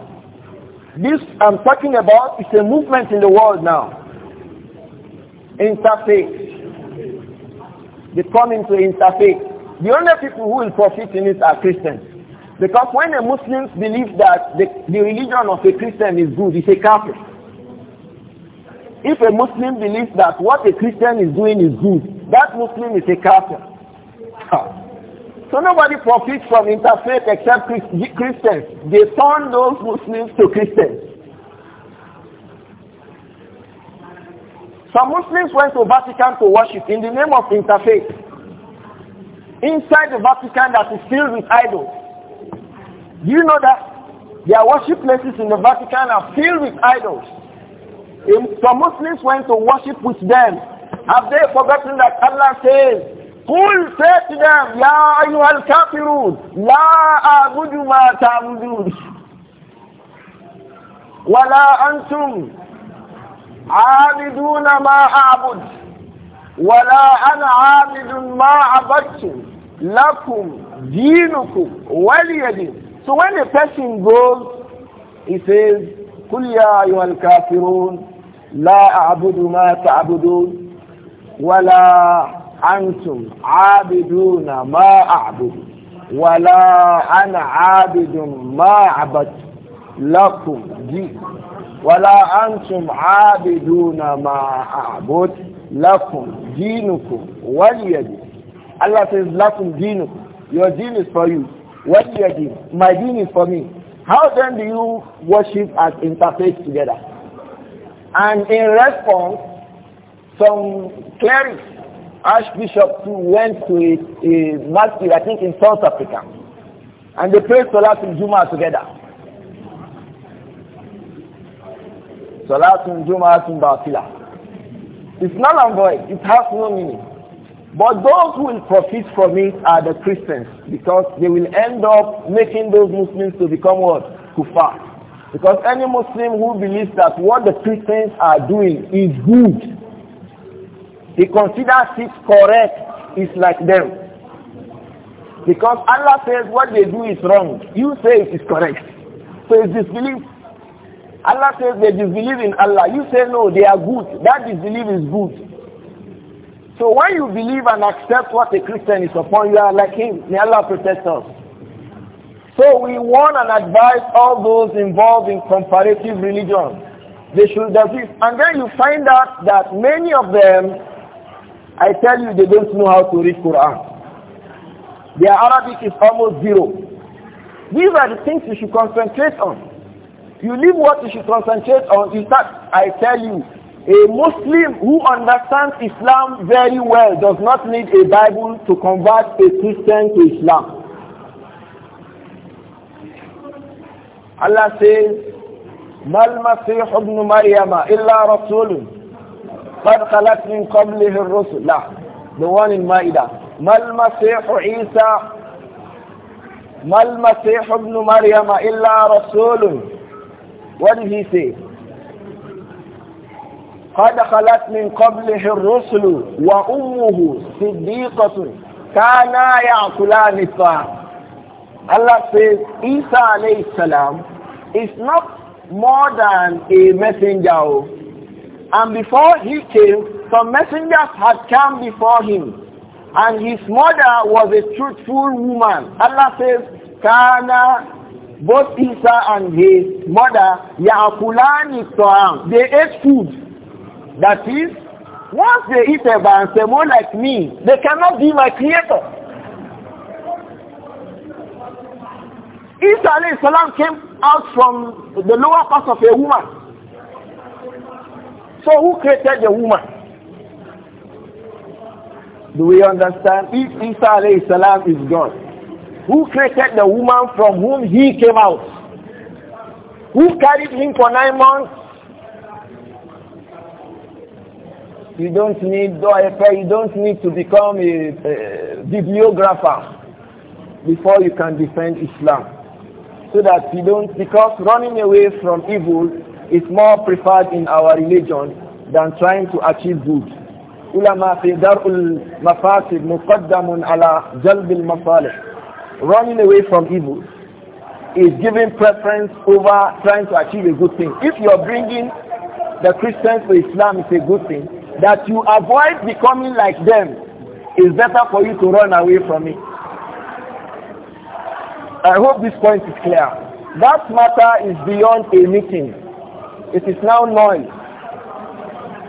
This I'm talking about is a movement in the world now. Interfaith. They come into interfaith. The only people who will profit in it are Christians. Because when the Muslims believe that the, the religion of a Christian is good, it's a Catholic. If a Muslim believes that what a Christian is doing is good, that Muslim is a kafir. So nobody profits from interfaith except Christians. They turn those Muslims to Christians. Some Muslims went to Vatican to worship in the name of interfaith. Inside the Vatican that is filled with idols. Do you know that? Their worship places in the Vatican are filled with idols. Some Muslims went to worship with them. Have they forgotten that Allah says, قل say to them, يا أيها الكافرون لا أعبد ما تعبدون ولا أنتم عابدون ما أعبد ولا أنا عابد ما عبدتم لكم دينكم ولي دين So when a person goes, he says, قل يا أيها الكافرون لا أعبد ما تعبدون ولا أنتم عابدون ما أعبد ولا أنا عابد ما عبد لكم دي ولا أنتم عابدون ما أعبد لكم دينكم وليدين الله says, لكم دينكم Your deen is for you. What your My deen is for me. How then do you worship as interface together? And in response, some clerics, archbishop who went to a, a masjid, I think in South Africa, and they prayed Salatul Juma together. Salatul Juma Batila. It's null and void. It has no meaning. But those who will profit from it are the Christians because they will end up making those Muslims to become what? Kufar. Because any Muslim who believes that what the Christians are doing is good, he considers it correct, is like them. Because Allah says what they do is wrong. You say it is correct. So it's disbelief. Allah says they disbelieve in Allah. You say no, they are good. That disbelief is good. So when you believe and accept what a Christian is upon, you are like him. May Allah protect us. So we warn and advise all those involved in comparative religion. They should this, And then you find out that many of them, I tell you, they don't know how to read Quran. Their Arabic is almost zero. These are the things you should concentrate on. You leave what you should concentrate on is that I tell you, a Muslim who understands Islam very well does not need a Bible to convert a Christian to Islam. Allah says, "Mal Masih ibn Maryam illa rasulun qad khalat min qablihi ar-rusul." The one in Maida. "Mal Masih Isa Mal Masih ibn Maryam illa rasulun." What did he say? قد خلت من قبله الرسل وأمه صديقة كانا يأكلان الطعام Allah says Isa alayhi salam is not more than a messenger. Oh. And before he came, some messengers had come before him. And his mother was a truthful woman. Allah says, Kana, both Isa and his mother, Yaakulani Toam, they ate food. That is, once they eat a ban, like me, they cannot be my creator. Isa alayhi salam came out from the lower part of a woman. So who created the woman? Do we understand? If Isa alayhi salam is God, who created the woman from whom he came out? Who carried him for nine months? You don't need you don't need to become a, a bibliographer before you can defend Islam so that we don't, because running away from evil is more preferred in our religion than trying to achieve good. Ulama fi dar'ul mafasid muqaddamun ala jalbil masalih. Running away from evil is giving preference over trying to achieve a good thing. If you're bringing the Christians to Islam it's a good thing, that you avoid becoming like them is better for you to run away from it. I hope this point is clear. That matter is beyond a meeting. It is now noise.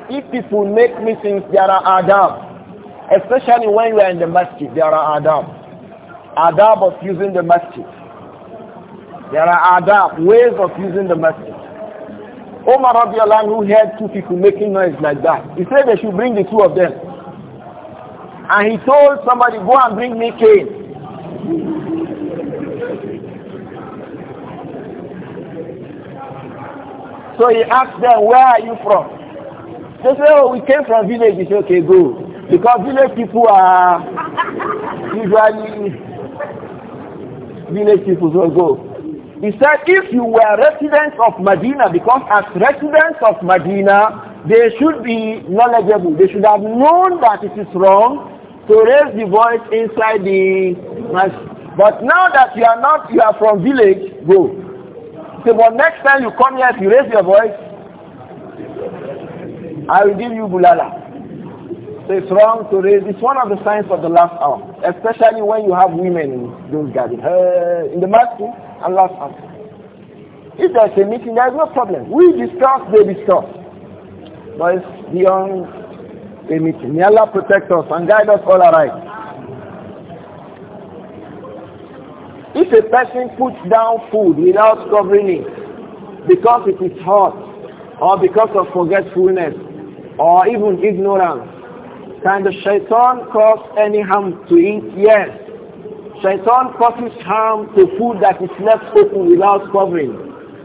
If people make meetings, there are adab. Especially when you are in the masjid, there are adab. Adab of using the masjid. There are adab, ways of using the masjid. Omar radiallahu who heard two people making noise like that. He said they should bring the two of them. And he told somebody, go and bring me cane. So he asked them, where are you from? They said, oh, we came from village. He said, okay, go. Because village people are usually village people, so go. He said, if you were residents of Medina, because as residents of Medina, they should be knowledgeable. They should have known that it is wrong to raise the voice inside the masjid. But now that you are not, you are from village, go. Say, but next time you come here, if you raise your voice, I will give you bulala. So it's wrong to raise. It's one of the signs of the last hour, especially when you have women in those gardens, uh, in the masjid and last hour. If there's a meeting, there's no problem. We discuss, they discuss. But it's beyond a meeting. May Allah protect us and guide us all aright. If a person puts down food without covering it because it is hot or because of forgetfulness or even ignorance, can the shaitan cause any harm to eat? Yes. Shaitan causes harm to food that is left open without covering.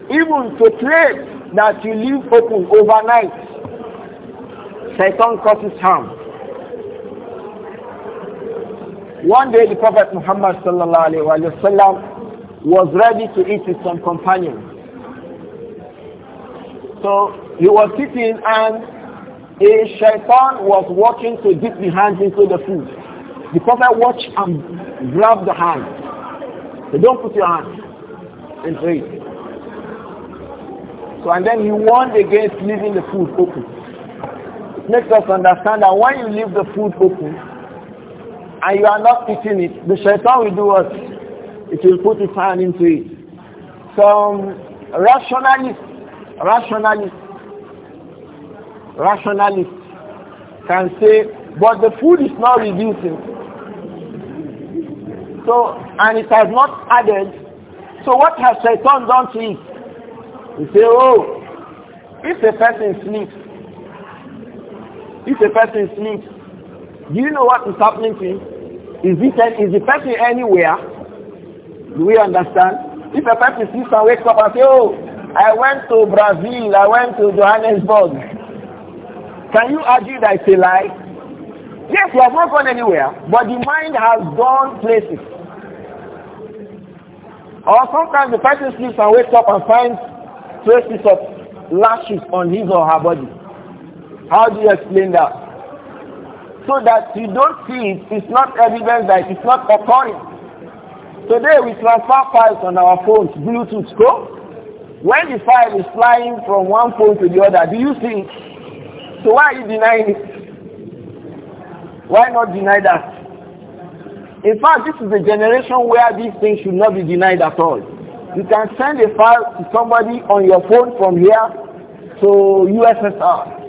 Even to plates that you leave open overnight, shaitan causes harm. One day the Prophet Muhammad وسلم, was ready to eat with some companions. So he was sitting and a shaitan was watching to dip the hands into the food. The Prophet watched and grabbed the hand. So don't put your hand in it. So and then he warned against leaving the food open. It makes us understand that when you leave the food open, and you are not eating it, the shaitan will do what? It will put its hand into it. Some rationalist, rationalist, rationalist can say, but the food is not reducing. So, and it has not added. So what has shaitan done to it? You say, oh, if a person sleeps, if a person sleeps, do you know what is happening to him? Is, it, is the person anywhere? Do we understand? If a person sees and wakes up and say, oh, I went to Brazil, I went to Johannesburg. Can you argue that it's a lie? Yes, you have not gone anywhere, but the mind has gone places. Or sometimes the person sleeps and wakes up and finds traces of lashes on his or her body. How do you explain that? so that you don't see it, it's not evidence that it's not occurring. Today we transfer files on our phones, Bluetooth go. When the file is flying from one phone to the other, do you see it? So why are you denying it? Why not deny that? In fact, this is a generation where these things should not be denied at all. You can send a file to somebody on your phone from here to USSR.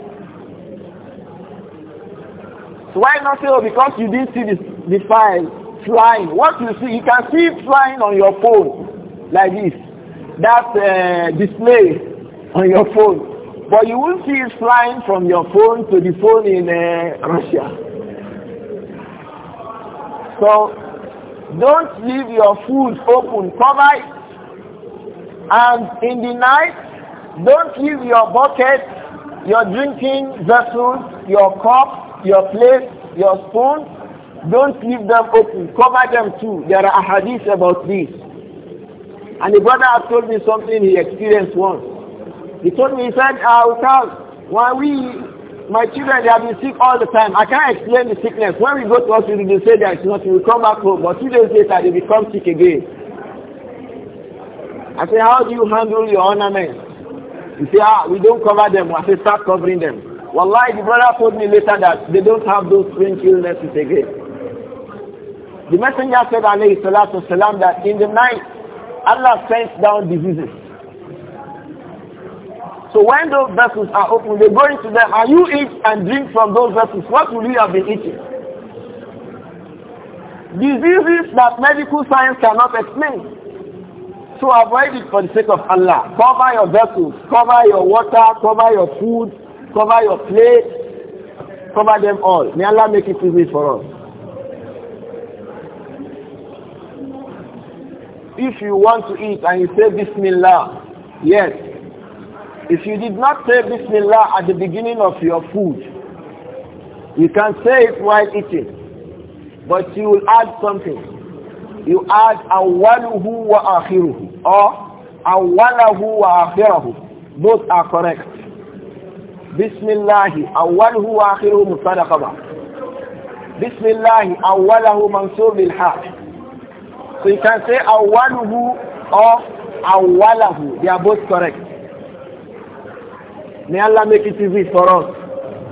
Why not say, oh, because you didn't see the, the file flying. What you see, you can see it flying on your phone like this. That uh, display on your phone. But you won't see it flying from your phone to the phone in uh, Russia. So don't leave your food open cover it and in the night don't leave your bucket your drinking vessels your cup your plate, your spoon, don't leave them open. Cover them too. There are hadiths about this. And the brother had told me something he experienced once. He told me, he said, uh, Ustaz, why we, my children, they have been sick all the time. I can't explain the sickness. When we go to hospital, they say there is nothing. We come back home. But two days later, they become sick again. I say, how do you handle your ornaments? He say, ah, we don't cover them. I say, start covering them. Wallahi, the brother told me later that they don't have those sprinkle nurses again. The messenger said, alayhi salatu salam, that in the night, Allah sends down diseases. So when those vessels are open, they go into them, and you eat and drink from those vessels. What will you have been eating? Diseases that medical science cannot explain. So avoid it for the sake of Allah. Cover your vessels, cover your water, cover your food, cover your plate, cover them all. May Allah make it easy for us. If you want to eat and you say Bismillah, yes. If you did not say Bismillah at the beginning of your food, you can say it while eating, but you will add something you add awwaluhu wa akhiruhu or awalahu wa akhirahu both are correct Bismillahi awwaluhu wa akhiruhu mubtada khabar. Bismillahi awwaluhu mansub bil So you can say awwaluhu or awwalahu. They are both correct. May Allah make it easy for us.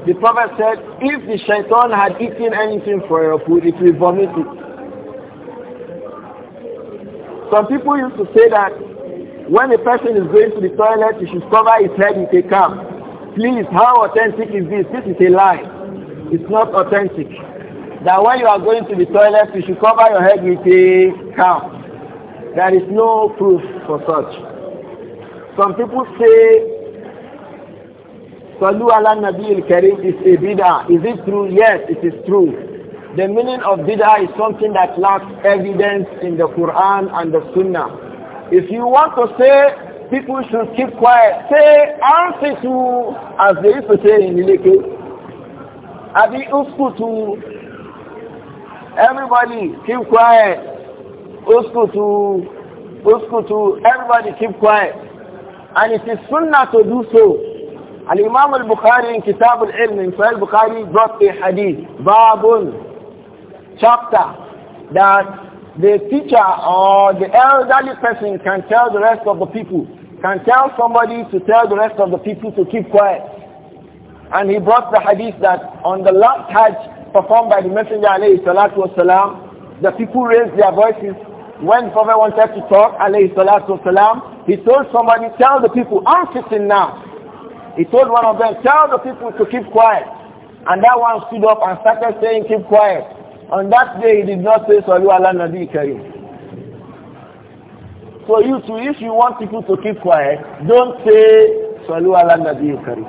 The Prophet said, if the shaitan had eaten anything for your food, it will vomit it. Some people used to say that when a person is going to the toilet, he should cover his head with a cap Please, how authentic is this? This is a lie. It's not authentic. That when you are going to the toilet, you should cover your head with a cap. There is no proof for such. Some people say Salu ala Nabi al-Karim is a bid'ah. Is it true? Yes, it is true. The meaning of bid'ah is something that lacks evidence in the Quran and the Sunnah. If you want to say people should keep quiet. Say ansitu as they used to say in Ileke. Abi uskutu. Everybody keep quiet. Uskutu. Uskutu. Everybody keep quiet. And it is sunnah to do so. And imam al-Bukhari in Kitab al-Ilm in Sahih Bukhari brought a hadith. Babun. Chapter. That the teacher or the elderly person can tell the rest of the people, can tell somebody to tell the rest of the people to keep quiet. And he brought the hadith that on the last Hajj performed by the Messenger alayhi salatu wasalam, the people raised their voices. When the Prophet wanted to talk alayhi salatu wasalam, he told somebody, tell the people, I'm sitting now. He told one of them, tell the people to keep quiet. And that one stood up and started saying, keep quiet. On that day, he did not say, Salu ala Nabi Karim. So you too, if you want people to keep quiet, don't say, Salu ala Nabi Karim.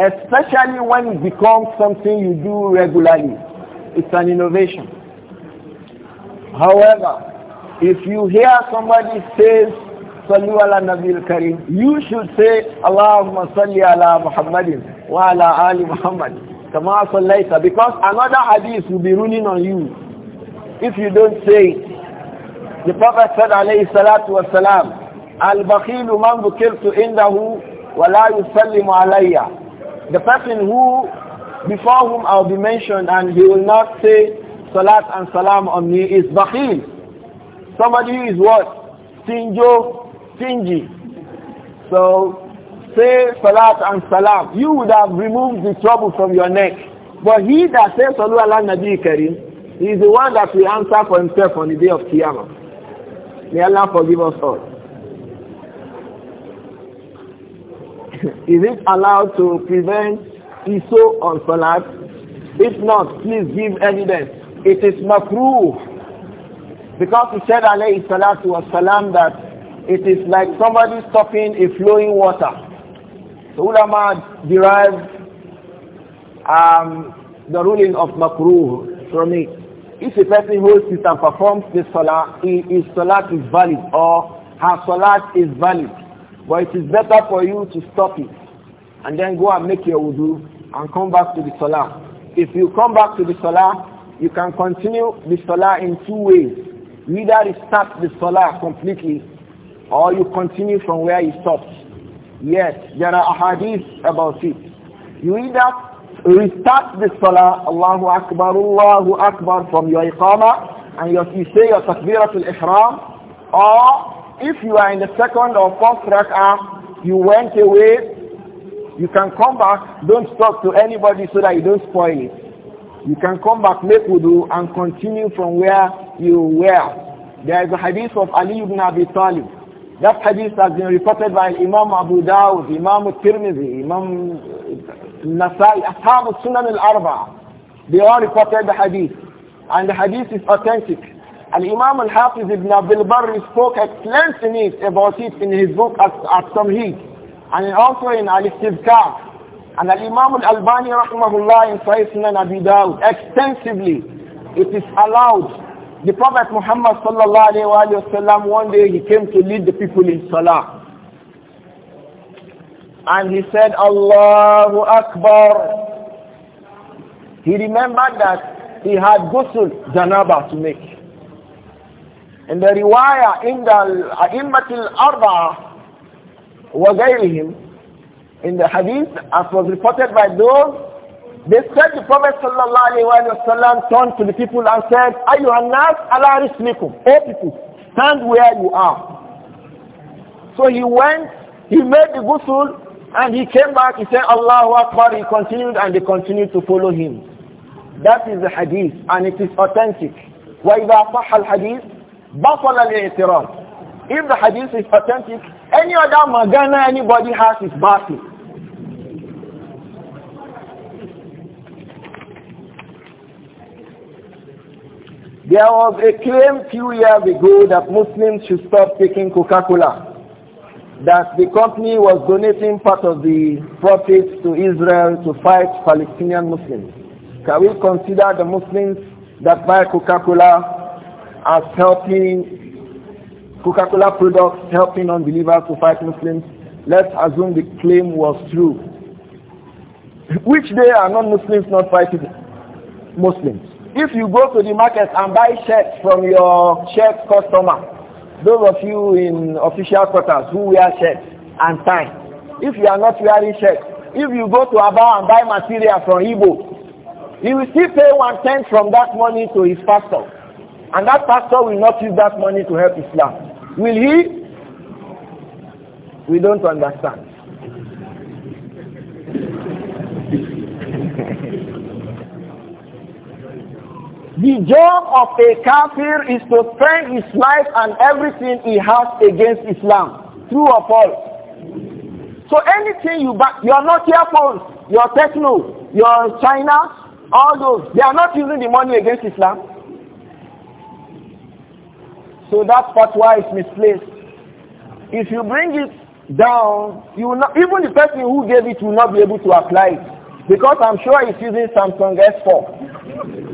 Especially when it becomes something you do regularly. It's an innovation. However, if you hear somebody says, Salu ala Nabi Karim, you should say, Allahumma salli ala Muhammadin wa ala Ali Muhammadin. Kama later because another hadith will be ruling on you if you don't say The Prophet said alayhi salatu wasalam, Al-Bakhilu man bukirtu indahu wa la yusallimu alayya. The person who, before whom I'll be mentioned and he will not say salat and salam on me is Bakhil. Somebody who is what? Sinjo, stingy. So say salat and salam, you would have removed the trouble from your neck. But he that says Salu ala Nabi Karim, he is the one that will answer for himself on the day of Qiyamah. May Allah forgive us all. is it allowed to prevent Iso on Salat? If not, please give evidence. It is makruh. Because he said alayhi salatu was salam that it is like somebody stopping a flowing water. The ulama derived um, the ruling of makruh from it. If a person holds it and performs the salah, his salah is valid or her salah is valid. But it is better for you to stop it and then go and make your wudu and come back to the salah. If you come back to the salah, you can continue the salah in two ways. Either you start the salah completely or you continue from where you stopped. Yes, there are ahadith about it. You either restart the salah, Allahu Akbar, Allahu Akbar from your iqamah, and you say your takbiratul ihram, or if you are in the second or fourth rak'ah, you went away, you can come back, don't talk to anybody so that you don't spoil it. You can come back, make wudu, and continue from where you were. There is a hadith of Ali ibn Abi Talib that hadith has been reported by Imam Abu Dawud, Imam Tirmidhi, Imam Nasai, Ashab Sunan al Arba. They all reported the hadith. And the hadith is authentic. And Imam al-Hafiz ibn Abdul Barri spoke at length in it, about it in his book at, at some heat. And also in Al-Istibkar. And Al-Imam al-Albani rahimahullah in Sahih Sunan Abu Dawud extensively. It is allowed the Prophet Muhammad sallallahu alayhi wa sallam, one day he came to lead the people in Salah. And he said, Allahu Akbar. He remembered that he had ghusl janaba to make. And the riwayah in the A'immat al-Arba'a وغيرهم in the hadith as was reported by those they said the Prophet sallam turned to the people and said, you nas ala rislikum. Hey people, stand where you are. So he went, he made the ghusl, and he came back, he said, Allahu Akbar, he continued and they continued to follow him. That is the hadith and it is authentic. وَإِذَا صَحَّ الْحَدِيثِ بَطَلَ الْإِعْتِرَاضِ If the hadith is authentic, any other magana anybody has is batil. There was a claim few years ago that Muslims should stop taking Coca-Cola. That the company was donating part of the profits to Israel to fight Palestinian Muslims. Can we consider the Muslims that buy Coca-Cola as helping Coca-Cola products helping unbelievers to fight Muslims? Let's assume the claim was true. Which day are non-Muslims not fighting Muslims? If you go to the market and buy shirts from your shirt customer, those of you in official quarters who wear shirts and tie, if you are not wearing shirts, if you go to Aba and buy material from Igbo, he will still pay one tenth from that money to his pastor. And that pastor will not use that money to help Islam. Will he? We don't understand. The job of a kafir is to spend his life and everything he has against Islam. True or false? So anything you buy, your Nokia phones, your Techno, your China, all those, they are not using the money against Islam. So part why it's misplaced. If you bring it down, you will not, even the person who gave it will not be able to apply it. Because I'm sure he's using Samsung S4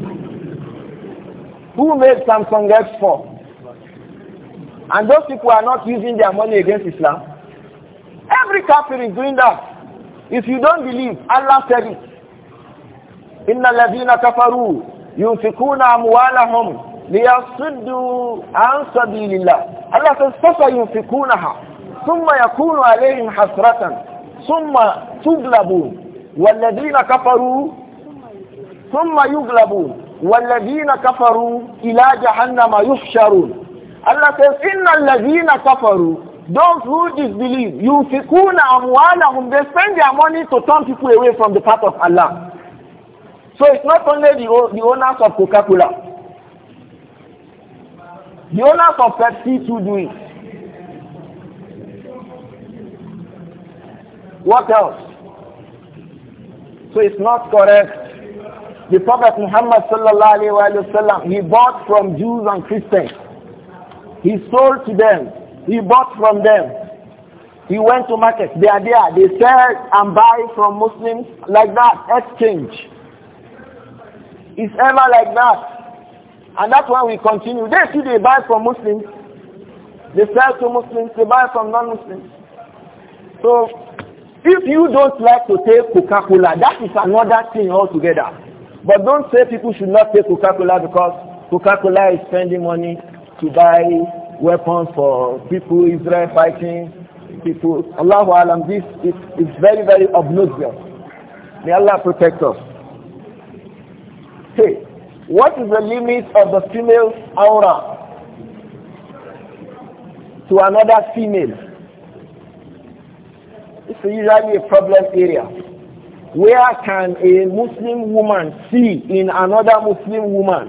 who made Samsung X4? And those people are not using their money against Islam. Every kafir is doing that. If you don't believe, Allah said it. Inna ladina kafaru yunfikuna amwalahum liyasuddu an sabilillah. Allah says, Fasa ha. Thumma yakunu alayhim hasratan. Thumma tuglabun. Walladina kafaru. Thumma yuglabun. wàlẹ̀dínà káfàrú ìlàjà hannama yóò allah says inna lẹ̀dínà káfàrú those who disbelieve you fikuna amwalahum they spend their money to turn people away from the path of allah so it's not only the, the owners of coca-cola the owners of pepsi too do it what else so it's not correct The Prophet Muhammad sallallahu alayhi wasallam, he bought from Jews and Christians. He sold to them. He bought from them. He went to market. They are there. They sell and buy from Muslims like that. Exchange. It's ever like that. And that's why we continue. They see they buy from Muslims. They sell to Muslims. They buy from non-Muslims. So if you don't like to take Coca-Cola, that is another thing altogether. But don't say people should not take Coca-Cola because Coca-Cola is spending money to buy weapons for people, Israel fighting people. Allahu Alam, this is, is very, very obnoxious. May Allah protect us. Hey, what is the limit of the female's aura to another female? It's usually a problem area. Where can a Muslim woman see in another Muslim woman?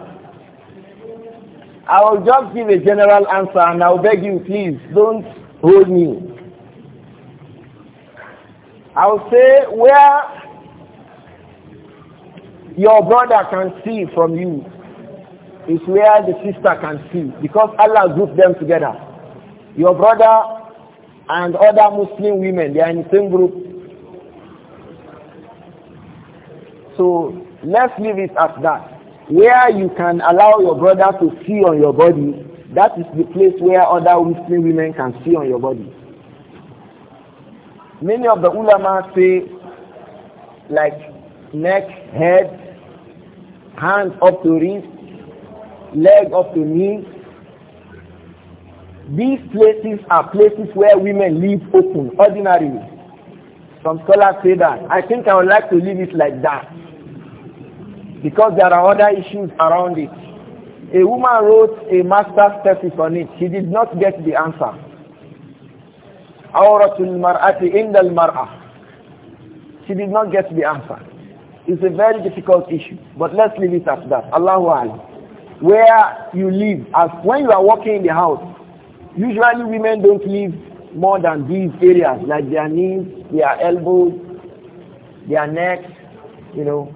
I will just give a general answer and I'll beg you please don't hold me. I'll say where your brother can see from you is where the sister can see because Allah grouped them together. Your brother and other Muslim women, they are in the same group So let's leave it at that. Where you can allow your brother to see on your body, that is the place where other Muslim women can see on your body. Many of the ulama say, like neck, head, hand up to wrist, leg up to knee. These places are places where women live open, ordinarily. Some scholars say that. I think I would like to leave it like that because there are other issues around it. A woman wrote a master's thesis on it. She did not get the answer. Auratul mar'ati indal mar'ah. She did not get the answer. It's a very difficult issue, but let's leave it at that. Allahu Alam. Where you live, as when you are walking in the house, usually women don't live more than these areas, like their knees, their elbows, their necks, you know,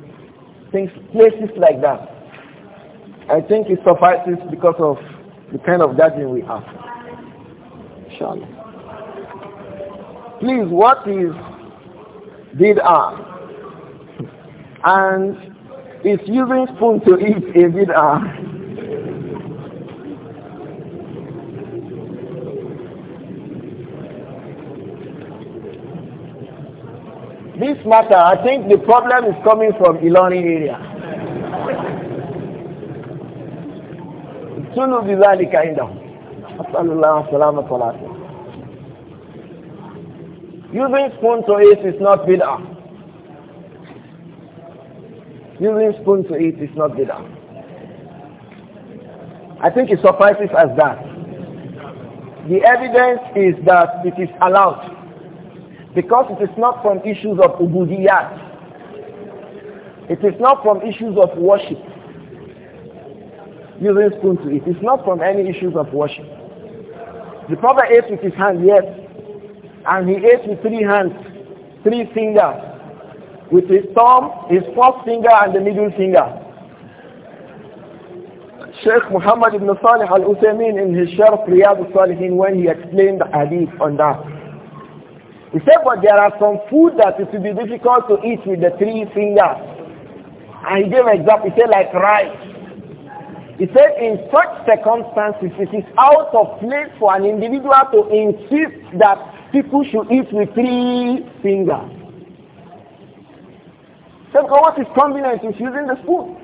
things, places like that. I think it suffices because of the kind of gathering we have. Inshallah. Please, what is bid'ah? And is using spoon to eat a bid'ah? This matter, I think the problem is coming from Ilorin area. Using spoon to eat is not bid'ah. Using spoon to eat is not bid'ah. I think it suffices as that. The evidence is that it is allowed. Because it is not from issues of ubudiyat. It is not from issues of worship. Using spoon to eat. It's not from any issues of worship. The Prophet ate with his hand, yes. And he ate with three hands, three fingers. With his thumb, his first finger and the middle finger. Sheikh Muhammad ibn Salih al-Uthaymeen in his Sharf Riyadh al-Salihin when he explained the hadith on that. He said, but there are some food that it will be difficult to eat with the three fingers. And he gave an example, he said like rice. He said in such circumstances it is out of place for an individual to insist that people should eat with three fingers. So what is convenient is using the spoon.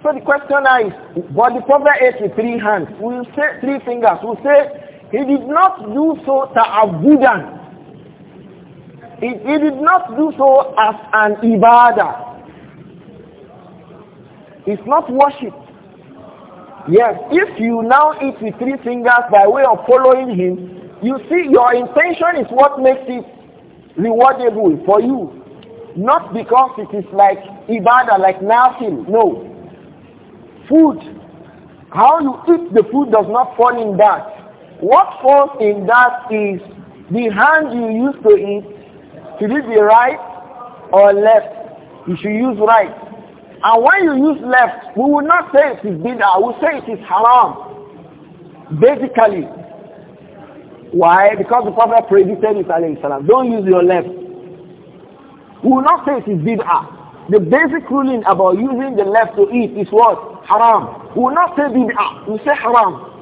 So the question now is, but the prophet ate with three hands. We will say three fingers. We will say he did not do so ta'abudan. He, he did not do so as an ibadah. It's not worship. Yes, if you now eat with three fingers by way of following him, you see your intention is what makes it rewardable for you. Not because it is like ibadah, like nothing. No. Food. How you eat the food does not fall in that. What falls in that is the hand you use to eat, should it be right or left? You should use right. And when you use left, we will not say it is bid'ah, we will say it is haram. Basically. Why? Because the Prophet predicted it, alayhi salam. Don't use your left. We will not say it is bid'ah. The basic ruling about using the left to eat is what? Haram. We will not say bid'ah, we say haram.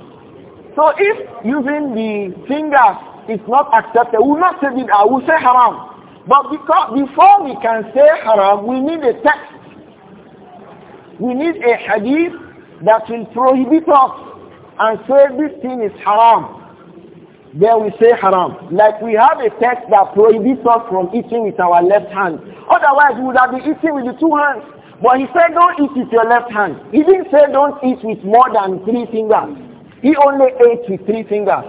So if using the fingers is not accepted, we will not say bid'ah, we will say haram. But because before we can say haram, we need a text. We need a hadith that will prohibit us and say this thing is haram. Then we say haram. Like we have a text that prohibits us from eating with our left hand. Otherwise we would have been eating with the two hands. But he said don't eat with your left hand. He didn't say don't eat with more than three fingers. He only ate with three fingers.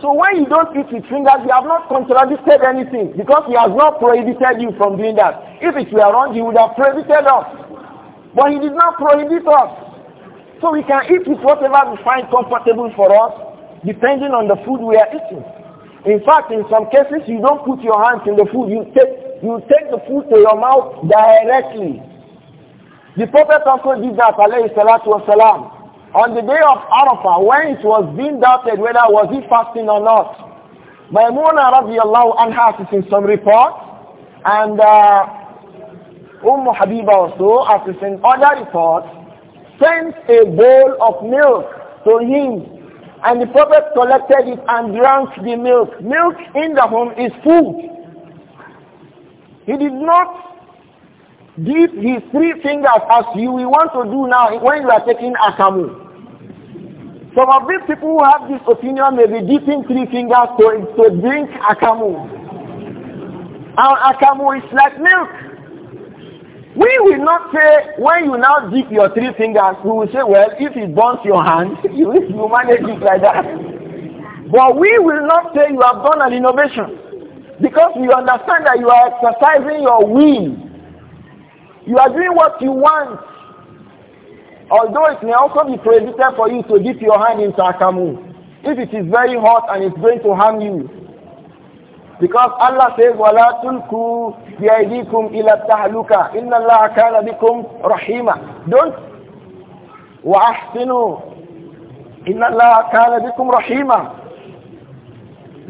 So when you don't eat with fingers, you have not contradicted anything because he has not prohibited you from doing that. If it were wrong, he would have prohibited us. But he did not prohibit us. So we can eat with whatever we find comfortable for us, depending on the food we are eating. In fact, in some cases, you don't put your hands in the food. You take, you take the food to your mouth directly. The Prophet also did that, alayhi salatu wasalam on the day of Arafah, when it was being doubted whether was he fasting or not, Maimuna radiallahu anha is in some reports, and uh, Umm Habiba also, as is in other reports, sent a bowl of milk to him. And the Prophet collected it and drank the milk. Milk in the home is food. He did not Deep his three fingers as you will want to do now when you are taking akamu. Some of these people who have this opinion may be dipping three fingers to, to drink akamu. And akamu is like milk. We will not say, when you now dip your three fingers, we will say, well, if it burns your hand, you, you manage it like that. But we will not say you have done an innovation. Because we understand that you are exercising your will you are doing what you want although it may also be prohibited for you to dip your hand into a akamu if it is very hot and it's going to harm you because allah says Wa wala tulku biaydikum ila tahluka inna allaha kana bikum rahima don't wahsinu inna allaha kana bikum rahima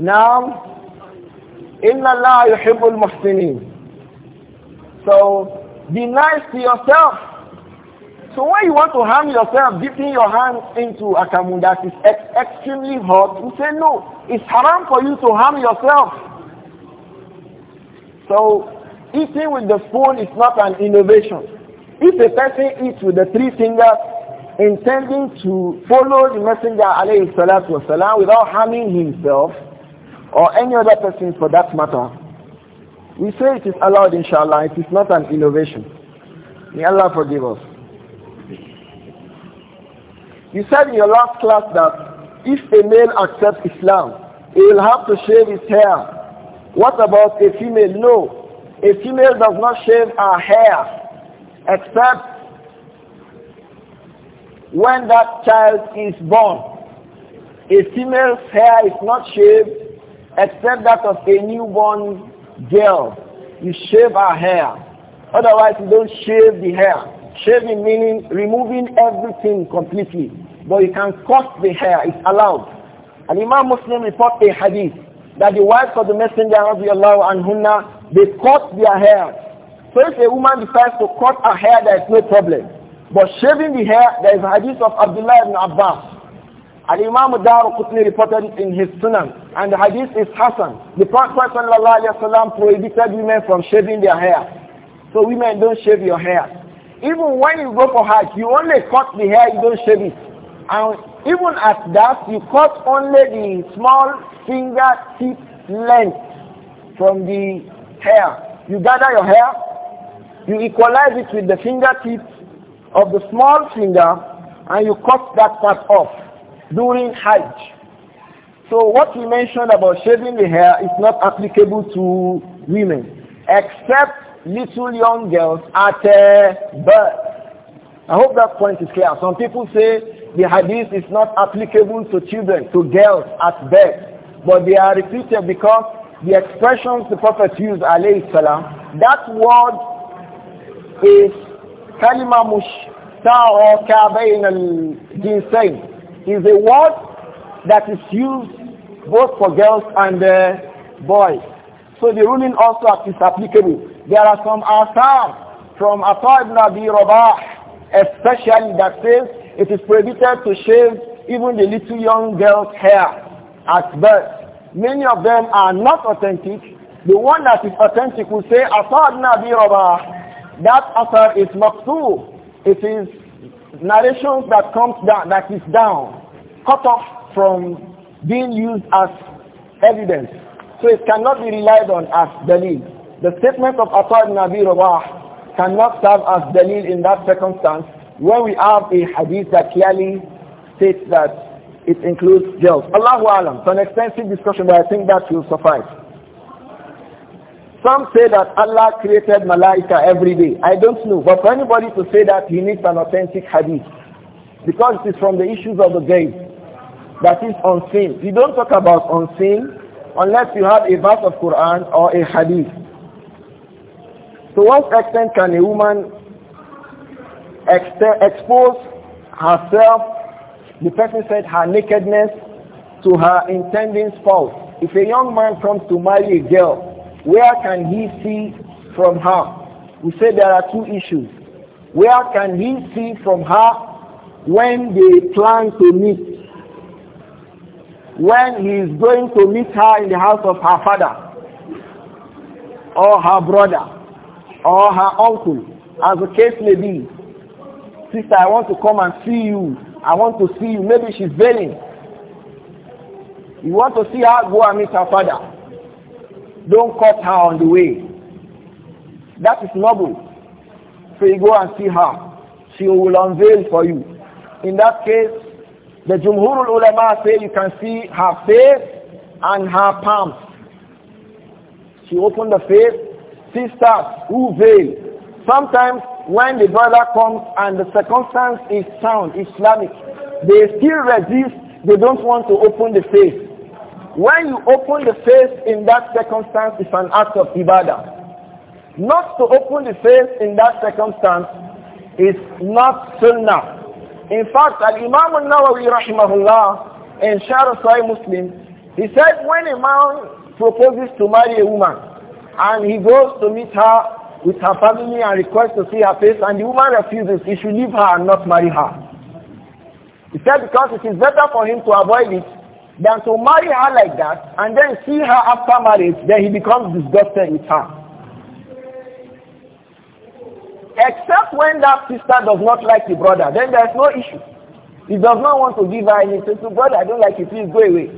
now inna allaha yuhibbul muhsinin so be nice to yourself. So when you want to harm yourself, dipping your hand into a kamun that is ex extremely hot, you say no. It's haram for you to harm yourself. So eating with the spoon is not an innovation. If a person eats with the three fingers, intending to follow the messenger alayhi salatu wasalam without harming himself or any other person for that matter, we say it is allowed inshallah, it is not an innovation. May Allah forgive us. You said in your last class that if a male accepts Islam, he will have to shave his hair. What about a female? No. A female does not shave her hair except when that child is born. A female's hair is not shaved except that of a newborn gel. You shave our hair. Otherwise, you don't shave the hair. Shaving meaning removing everything completely. But you can cut the hair. It's allowed. And Imam Muslim report a hadith that the wives of the Messenger of Allah and Hunna, they cut their hair. So if a woman decides to cut her hair, there is no problem. But shaving the hair, there is a hadith of Abdullah ibn Abbas and Imam Dar Qutni reported it in his Sunan. And the hadith is Hassan. The Prophet ﷺ prohibited women from shaving their hair. So women don't shave your hair. Even when you go for Hajj, you only cut the hair, you don't shave it. And even at that, you cut only the small finger tip length from the hair. You gather your hair, you equalize it with the fingertip of the small finger, and you cut that part off during Hajj. So what we mentioned about shaving the hair is not applicable to women, except little young girls at birth. I hope that point is clear. Some people say the hadith is not applicable to children, to girls at birth, but they are repeated because the expressions the Prophet used, alayhi salam, that word is kalima mushtara ka bain al is a word that is used both for girls and uh, boys. So the ruling also is applicable. There are some asar from Asar ibn Abi Rabah, especially that says it is prohibited to shave even the little young girl's hair at birth. Many of them are not authentic. The one that is authentic will say Asar ibn Abi Rabah. That Asar is maqtu. It is narrations that comes down, that is down, cut off from being used as evidence. So it cannot be relied on as dalil. The statement of Atta ibn Abi Rabah cannot serve as dalil in that circumstance when we have a hadith that clearly states that it includes girls. Allahu Alam, it's an extensive discussion, but I think that will suffice. Some say that Allah created Malaika every day. I don't know. But for anybody to say that, he needs an authentic hadith. Because it is from the issues of the grave. That is unseen. You don't talk about unseen unless you have a verse of Quran or a hadith. To what extent can a woman expose herself, the person said her nakedness, to her intending spouse? If a young man comes to marry a girl where can he see from her? We said there are two issues. Where can he see from her when they plan to meet? When he is going to meet her in the house of her father or her brother or her uncle, as the case may be. Sister, I want to come and see you. I want to see you. Maybe she's veiling. You want to see her, go and meet her father. Don't cut her on the way. That is noble. So you go and see her. She will unveil for you. In that case, the Jumhurul Ulama say you can see her face and her palms. She opened the face. Sisters who veil. Sometimes when the brother comes and the circumstance is sound, Islamic, they still resist. They don't want to open the face. When you open the face in that circumstance is an act of ibadah. Not to open the face in that circumstance is not sunnah. In fact, Al-Imam al-Nawawi rahimahullah in Sharh Sahih Muslim, he said when a man proposes to marry a woman and he goes to meet her with her family and requests to see her face and the woman refuses, he should leave her and not marry her. He said because it is better for him to avoid it than to marry her like that and then see her after marriage, then he becomes disgusted with her. Except when that sister does not like the brother, then there's no issue. He does not want to give her anything. So, brother, I don't like you. Please go away.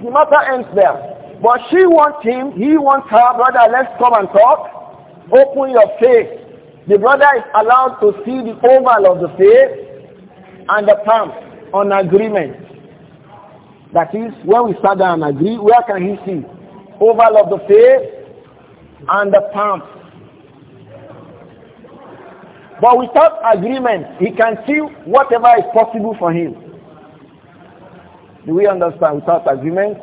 The matter ends there. But she wants him. He wants her. Brother, let's come and talk. Open your face. The brother is allowed to see the oval of the face and the palm on agreement. That is, when we sat down and agree, where can he see? Oval of the face and the palm. But without agreement, he can see whatever is possible for him. Do we understand without agreement?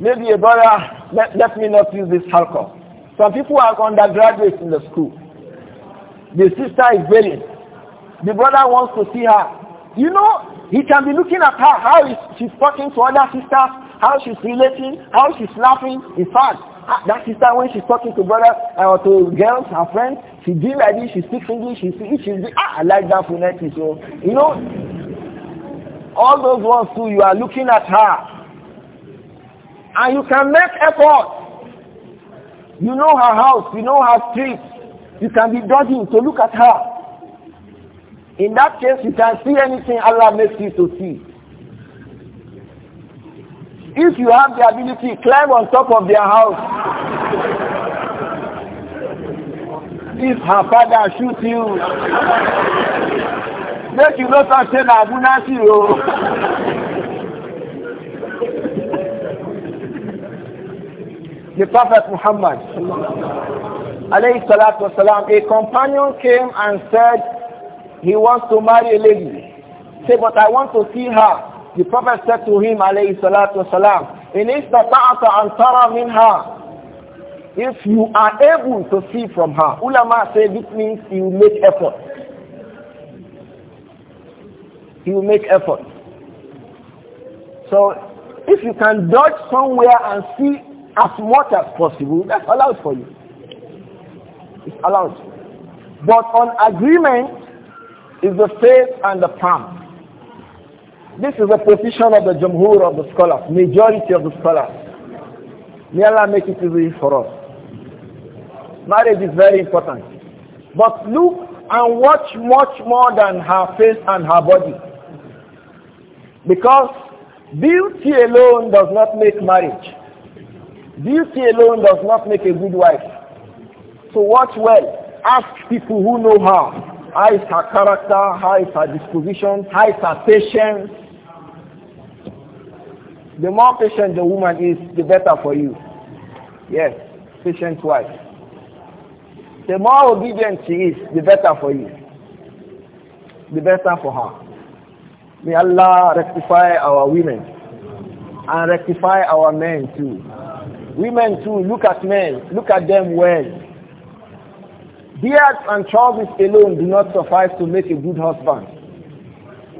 Maybe a brother, let, let me not use this alcohol. Some people are undergraduates in the school. The sister is buried. The brother wants to see her. You know, he can be looking at her, how she's talking to other sisters, how she's relating, how she's laughing. In fact, that sister, when she's talking to brothers or uh, to girls, her friends, she do like this, she speaks English, she speaks, she do, ah, I like that phonetics. So, you know, all those ones too, you are looking at her. And you can make effort. You know her house, you know her street. You can be dodging to look at her. In that case, you can see anything Allah makes you to see. If you have the ability, climb on top of their house. If her father shoots you, make you not say na abuna The Prophet Muhammad, alayhi salatu wasalam, a companion came and said, he wants to marry a lady. Say, but I want to see her. The Prophet said to him, alayhi salatu wasalam, in istata'ata an tara minha. If you are able to see from her, ulama say this means you make effort. You make effort. So if you can dodge somewhere and see as much as possible, that's allowed for you. It's allowed. But on agreement, is the face and the palm. This is the position of the Jamhur of the scholars, majority of the scholars. May Allah make it easy for us. Marriage is very important. But look and watch much more than her face and her body. Because beauty alone does not make marriage. Beauty alone does not make a good wife. So watch well. Ask people who know her. How is her character? How is her disposition? How is her patience? The more patient the woman is, the better for you. Yes, patient wife. The more obedient she is, the better for you. The better for her. May Allah rectify our women and rectify our men too. Women too, look at men, look at them well Beards and trousers alone do not suffice to make a good husband.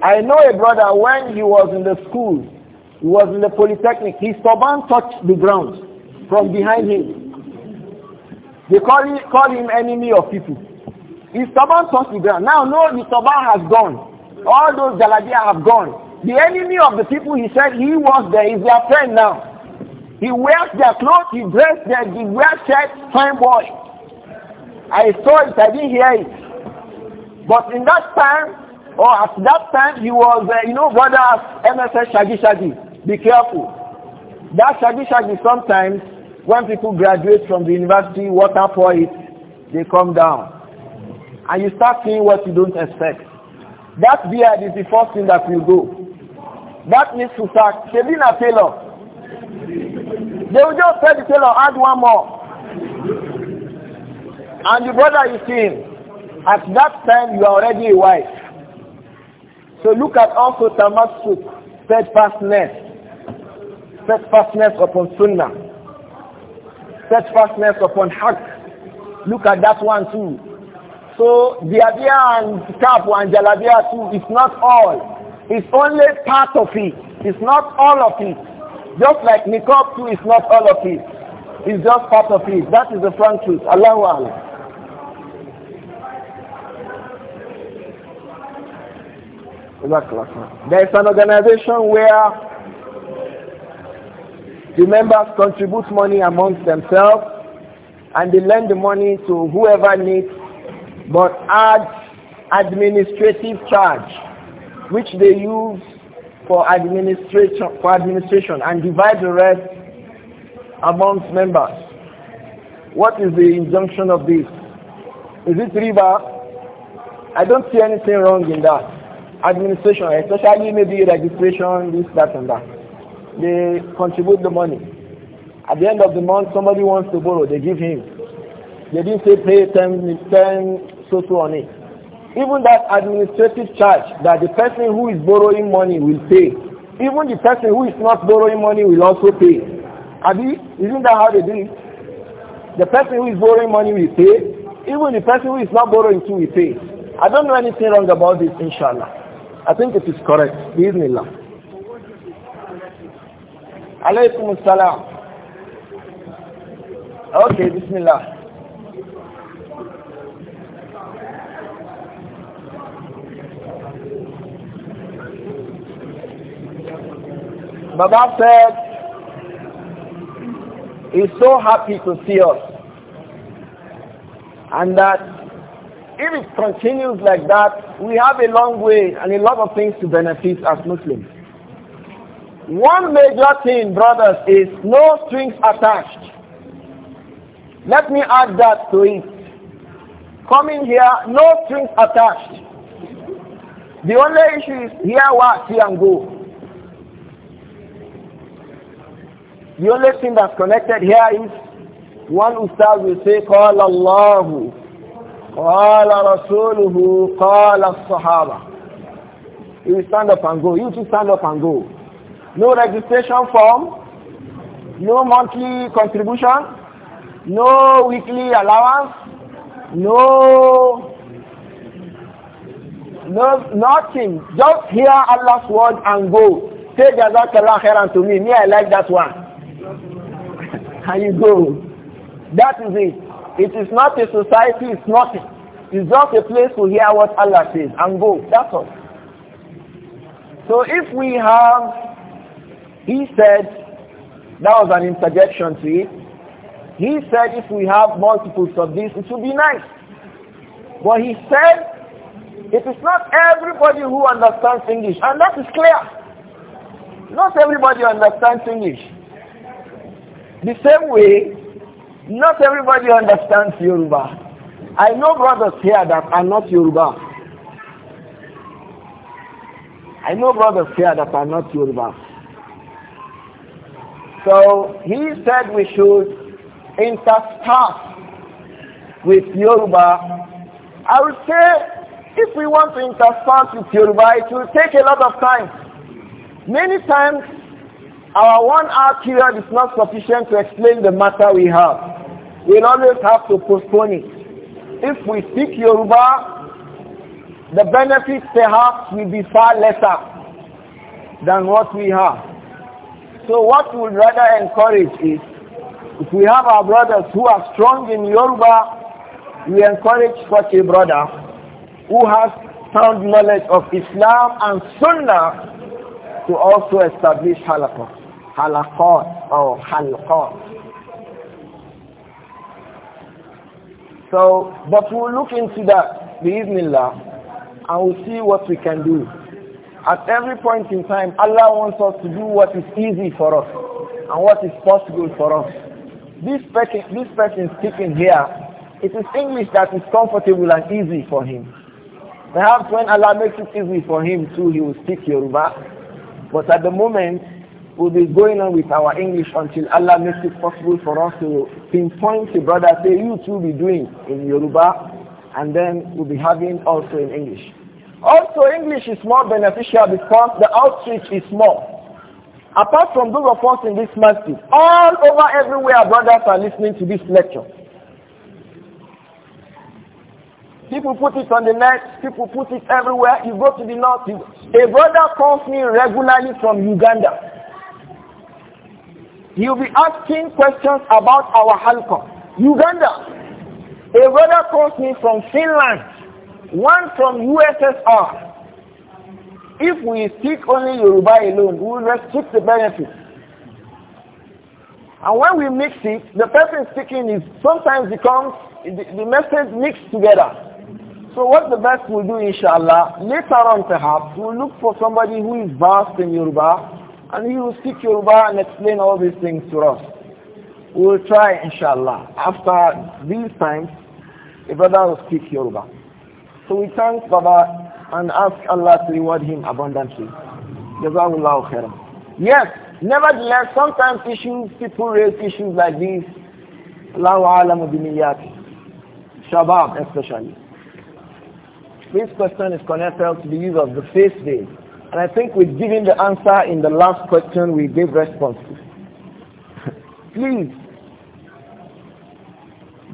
I know a brother when he was in the school, he was in the polytechnic, his turban touched the ground from behind him. They call him, call him enemy of people. His turban touched the ground. Now no, his turban has gone. All those Galadia have gone. The enemy of the people, he said he was there, is their friend now. He wears their clothes, he dresses their, he wears their fine boy. I saw it, I didn't hear it. But in that time, or at that time, he was, uh, you know, brother MSS Shaggy Shaggy. Be careful. That Shaggy Shaggy sometimes, when people graduate from the university, water for it, they come down. And you start seeing what you don't expect. That beard is the first thing that will go. That needs to start. Shaving a tailor. They will just tell the tailor, add one more and the brother is saying At that time, you are already a wife. So look at also tamassuk, steadfastness, steadfastness upon sunnah, steadfastness upon haqq. Look at that one too. So the and kapu and jalabia too is not all. It's only part of it. It's not all of it. Just like niqab too is not all of it. It's just part of it. That is the frank truth. Allahu There is an organization where the members contribute money amongst themselves and they lend the money to whoever needs but add administrative charge which they use for administration for administration and divide the rest amongst members. What is the injunction of this? Is it riba? I don't see anything wrong in that administration, especially maybe registration, this, that, and that. They contribute the money. At the end of the month, somebody wants to borrow, they give him. They didn't say pay 10, 10 so so on it. Even that administrative charge that the person who is borrowing money will pay, even the person who is not borrowing money will also pay. Abi, isn't that how they do it? The person who is borrowing money will pay, even the person who is not borrowing too will pay. I don't know anything wrong about this, inshallah. I think it is correct. Bismillah. Alaykum salam. Okay, Bismillah. Baba said, he's so happy to see us and that if it continues like that, we have a long way and a lot of things to benefit as Muslims. One major thing, brothers, is no strings attached. Let me add that to it. Coming here, no strings attached. The only issue is here, what, see and go. The only thing that's connected here is one ustaz will say, call Allahu قال رسوله قال الصحابة You stand up and go. You just stand up and go. No registration form. No monthly contribution. No weekly allowance. No no nothing. Just hear Allah's word and go. Say Jazakallah khairan to me. Me, I like that one. and you go. That is it. It is not a society, it's nothing. It's just a place to hear what Allah says and go. That's all. So if we have, he said, that was an interjection to it. He said if we have multiples of this, it would be nice. But he said, it is not everybody who understands English. And that is clear. Not everybody understands English. The same way, not everybody understands Yoruba. I know brothers here that are not Yoruba. I know brothers here that are not Yoruba. So he said we should intersperse with Yoruba. I would say if we want to intersperse with Yoruba, it will take a lot of time. Many times our one hour period is not sufficient to explain the matter we have we'll always have to postpone it. If we speak Yoruba, the benefits perhaps will be far lesser than what we have. So what we would rather encourage is, if we have our brothers who are strong in Yoruba, we encourage such a brother who has sound knowledge of Islam and Sunnah to also establish halakot, halakot or halakot. So, but we'll look into that, the lah. and we'll see what we can do. At every point in time, Allah wants us to do what is easy for us and what is possible for us. This person, this person speaking here, it is English that is comfortable and easy for him. Perhaps when Allah makes it easy for him too, he will speak Yoruba. But at the moment, We'll be going on with our English until Allah makes it possible for us to pinpoint the brother, say you will be doing in Yoruba, and then we'll be having also in English. Also, English is more beneficial because the outreach is more. Apart from those of us in this masjid, all over everywhere brothers are listening to this lecture. People put it on the net, people put it everywhere. You go to the north. You, a brother calls me regularly from Uganda you will be asking questions about our halqa. Uganda. A brother calls me from Finland. One from USSR. If we speak only Yoruba alone, we will restrict the benefits. And when we mix it, the person speaking is sometimes becomes the, the message mixed together. So what the best we'll do inshallah, later on perhaps, we'll look for somebody who is vast in Yoruba and he will speak Yoruba and explain all these things to us. We will try, inshallah. After these times, the brother will speak Yoruba. So we thank Baba and ask Allah to reward him abundantly. Yes, khairan. Yes, nevertheless, sometimes issues, people raise issues like these. Allahu alamu biniyati. Shabab especially. This question is connected to the use of the face veil. And I think we've given the answer in the last question we gave response. Please,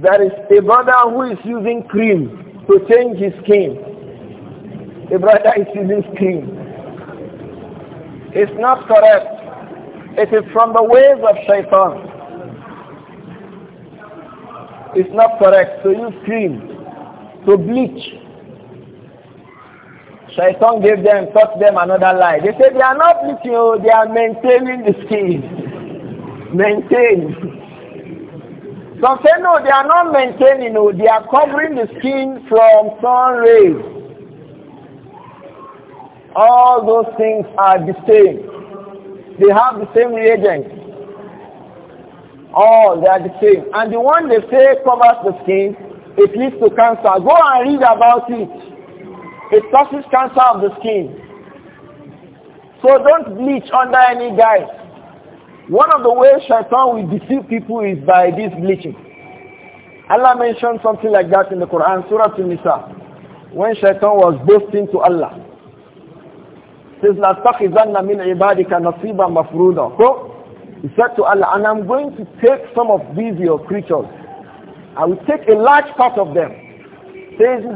there is a brother who is using cream to change his skin. A brother is using cream. It's not correct. It is from the ways of shaitan. It's not correct to so use cream, to bleach, Shaitan gave them, taught them another lie. They said, they are not with oh, you, they are maintaining the skin. Maintain. Some say, no, they are not maintaining, no, oh, they are covering the skin from sun rays. All those things are the same. They have the same reagent. All, they are the same. And the one they say covers the skin, it leads to cancer. Go and read about it. It causes cancer of the skin. So don't bleach under any guise. One of the ways shaitan will deceive people is by this bleaching. Allah mentioned something like that in the Quran, Surah al nisa when shaitan was boasting to Allah. Says, لَأَسْتَخِذَنَّ مِنْ عِبَادِكَ نَصِيبًا مَفْرُودًا So, he said to Allah, and I'm going to take some of these your creatures. I will take a large part of them. Says,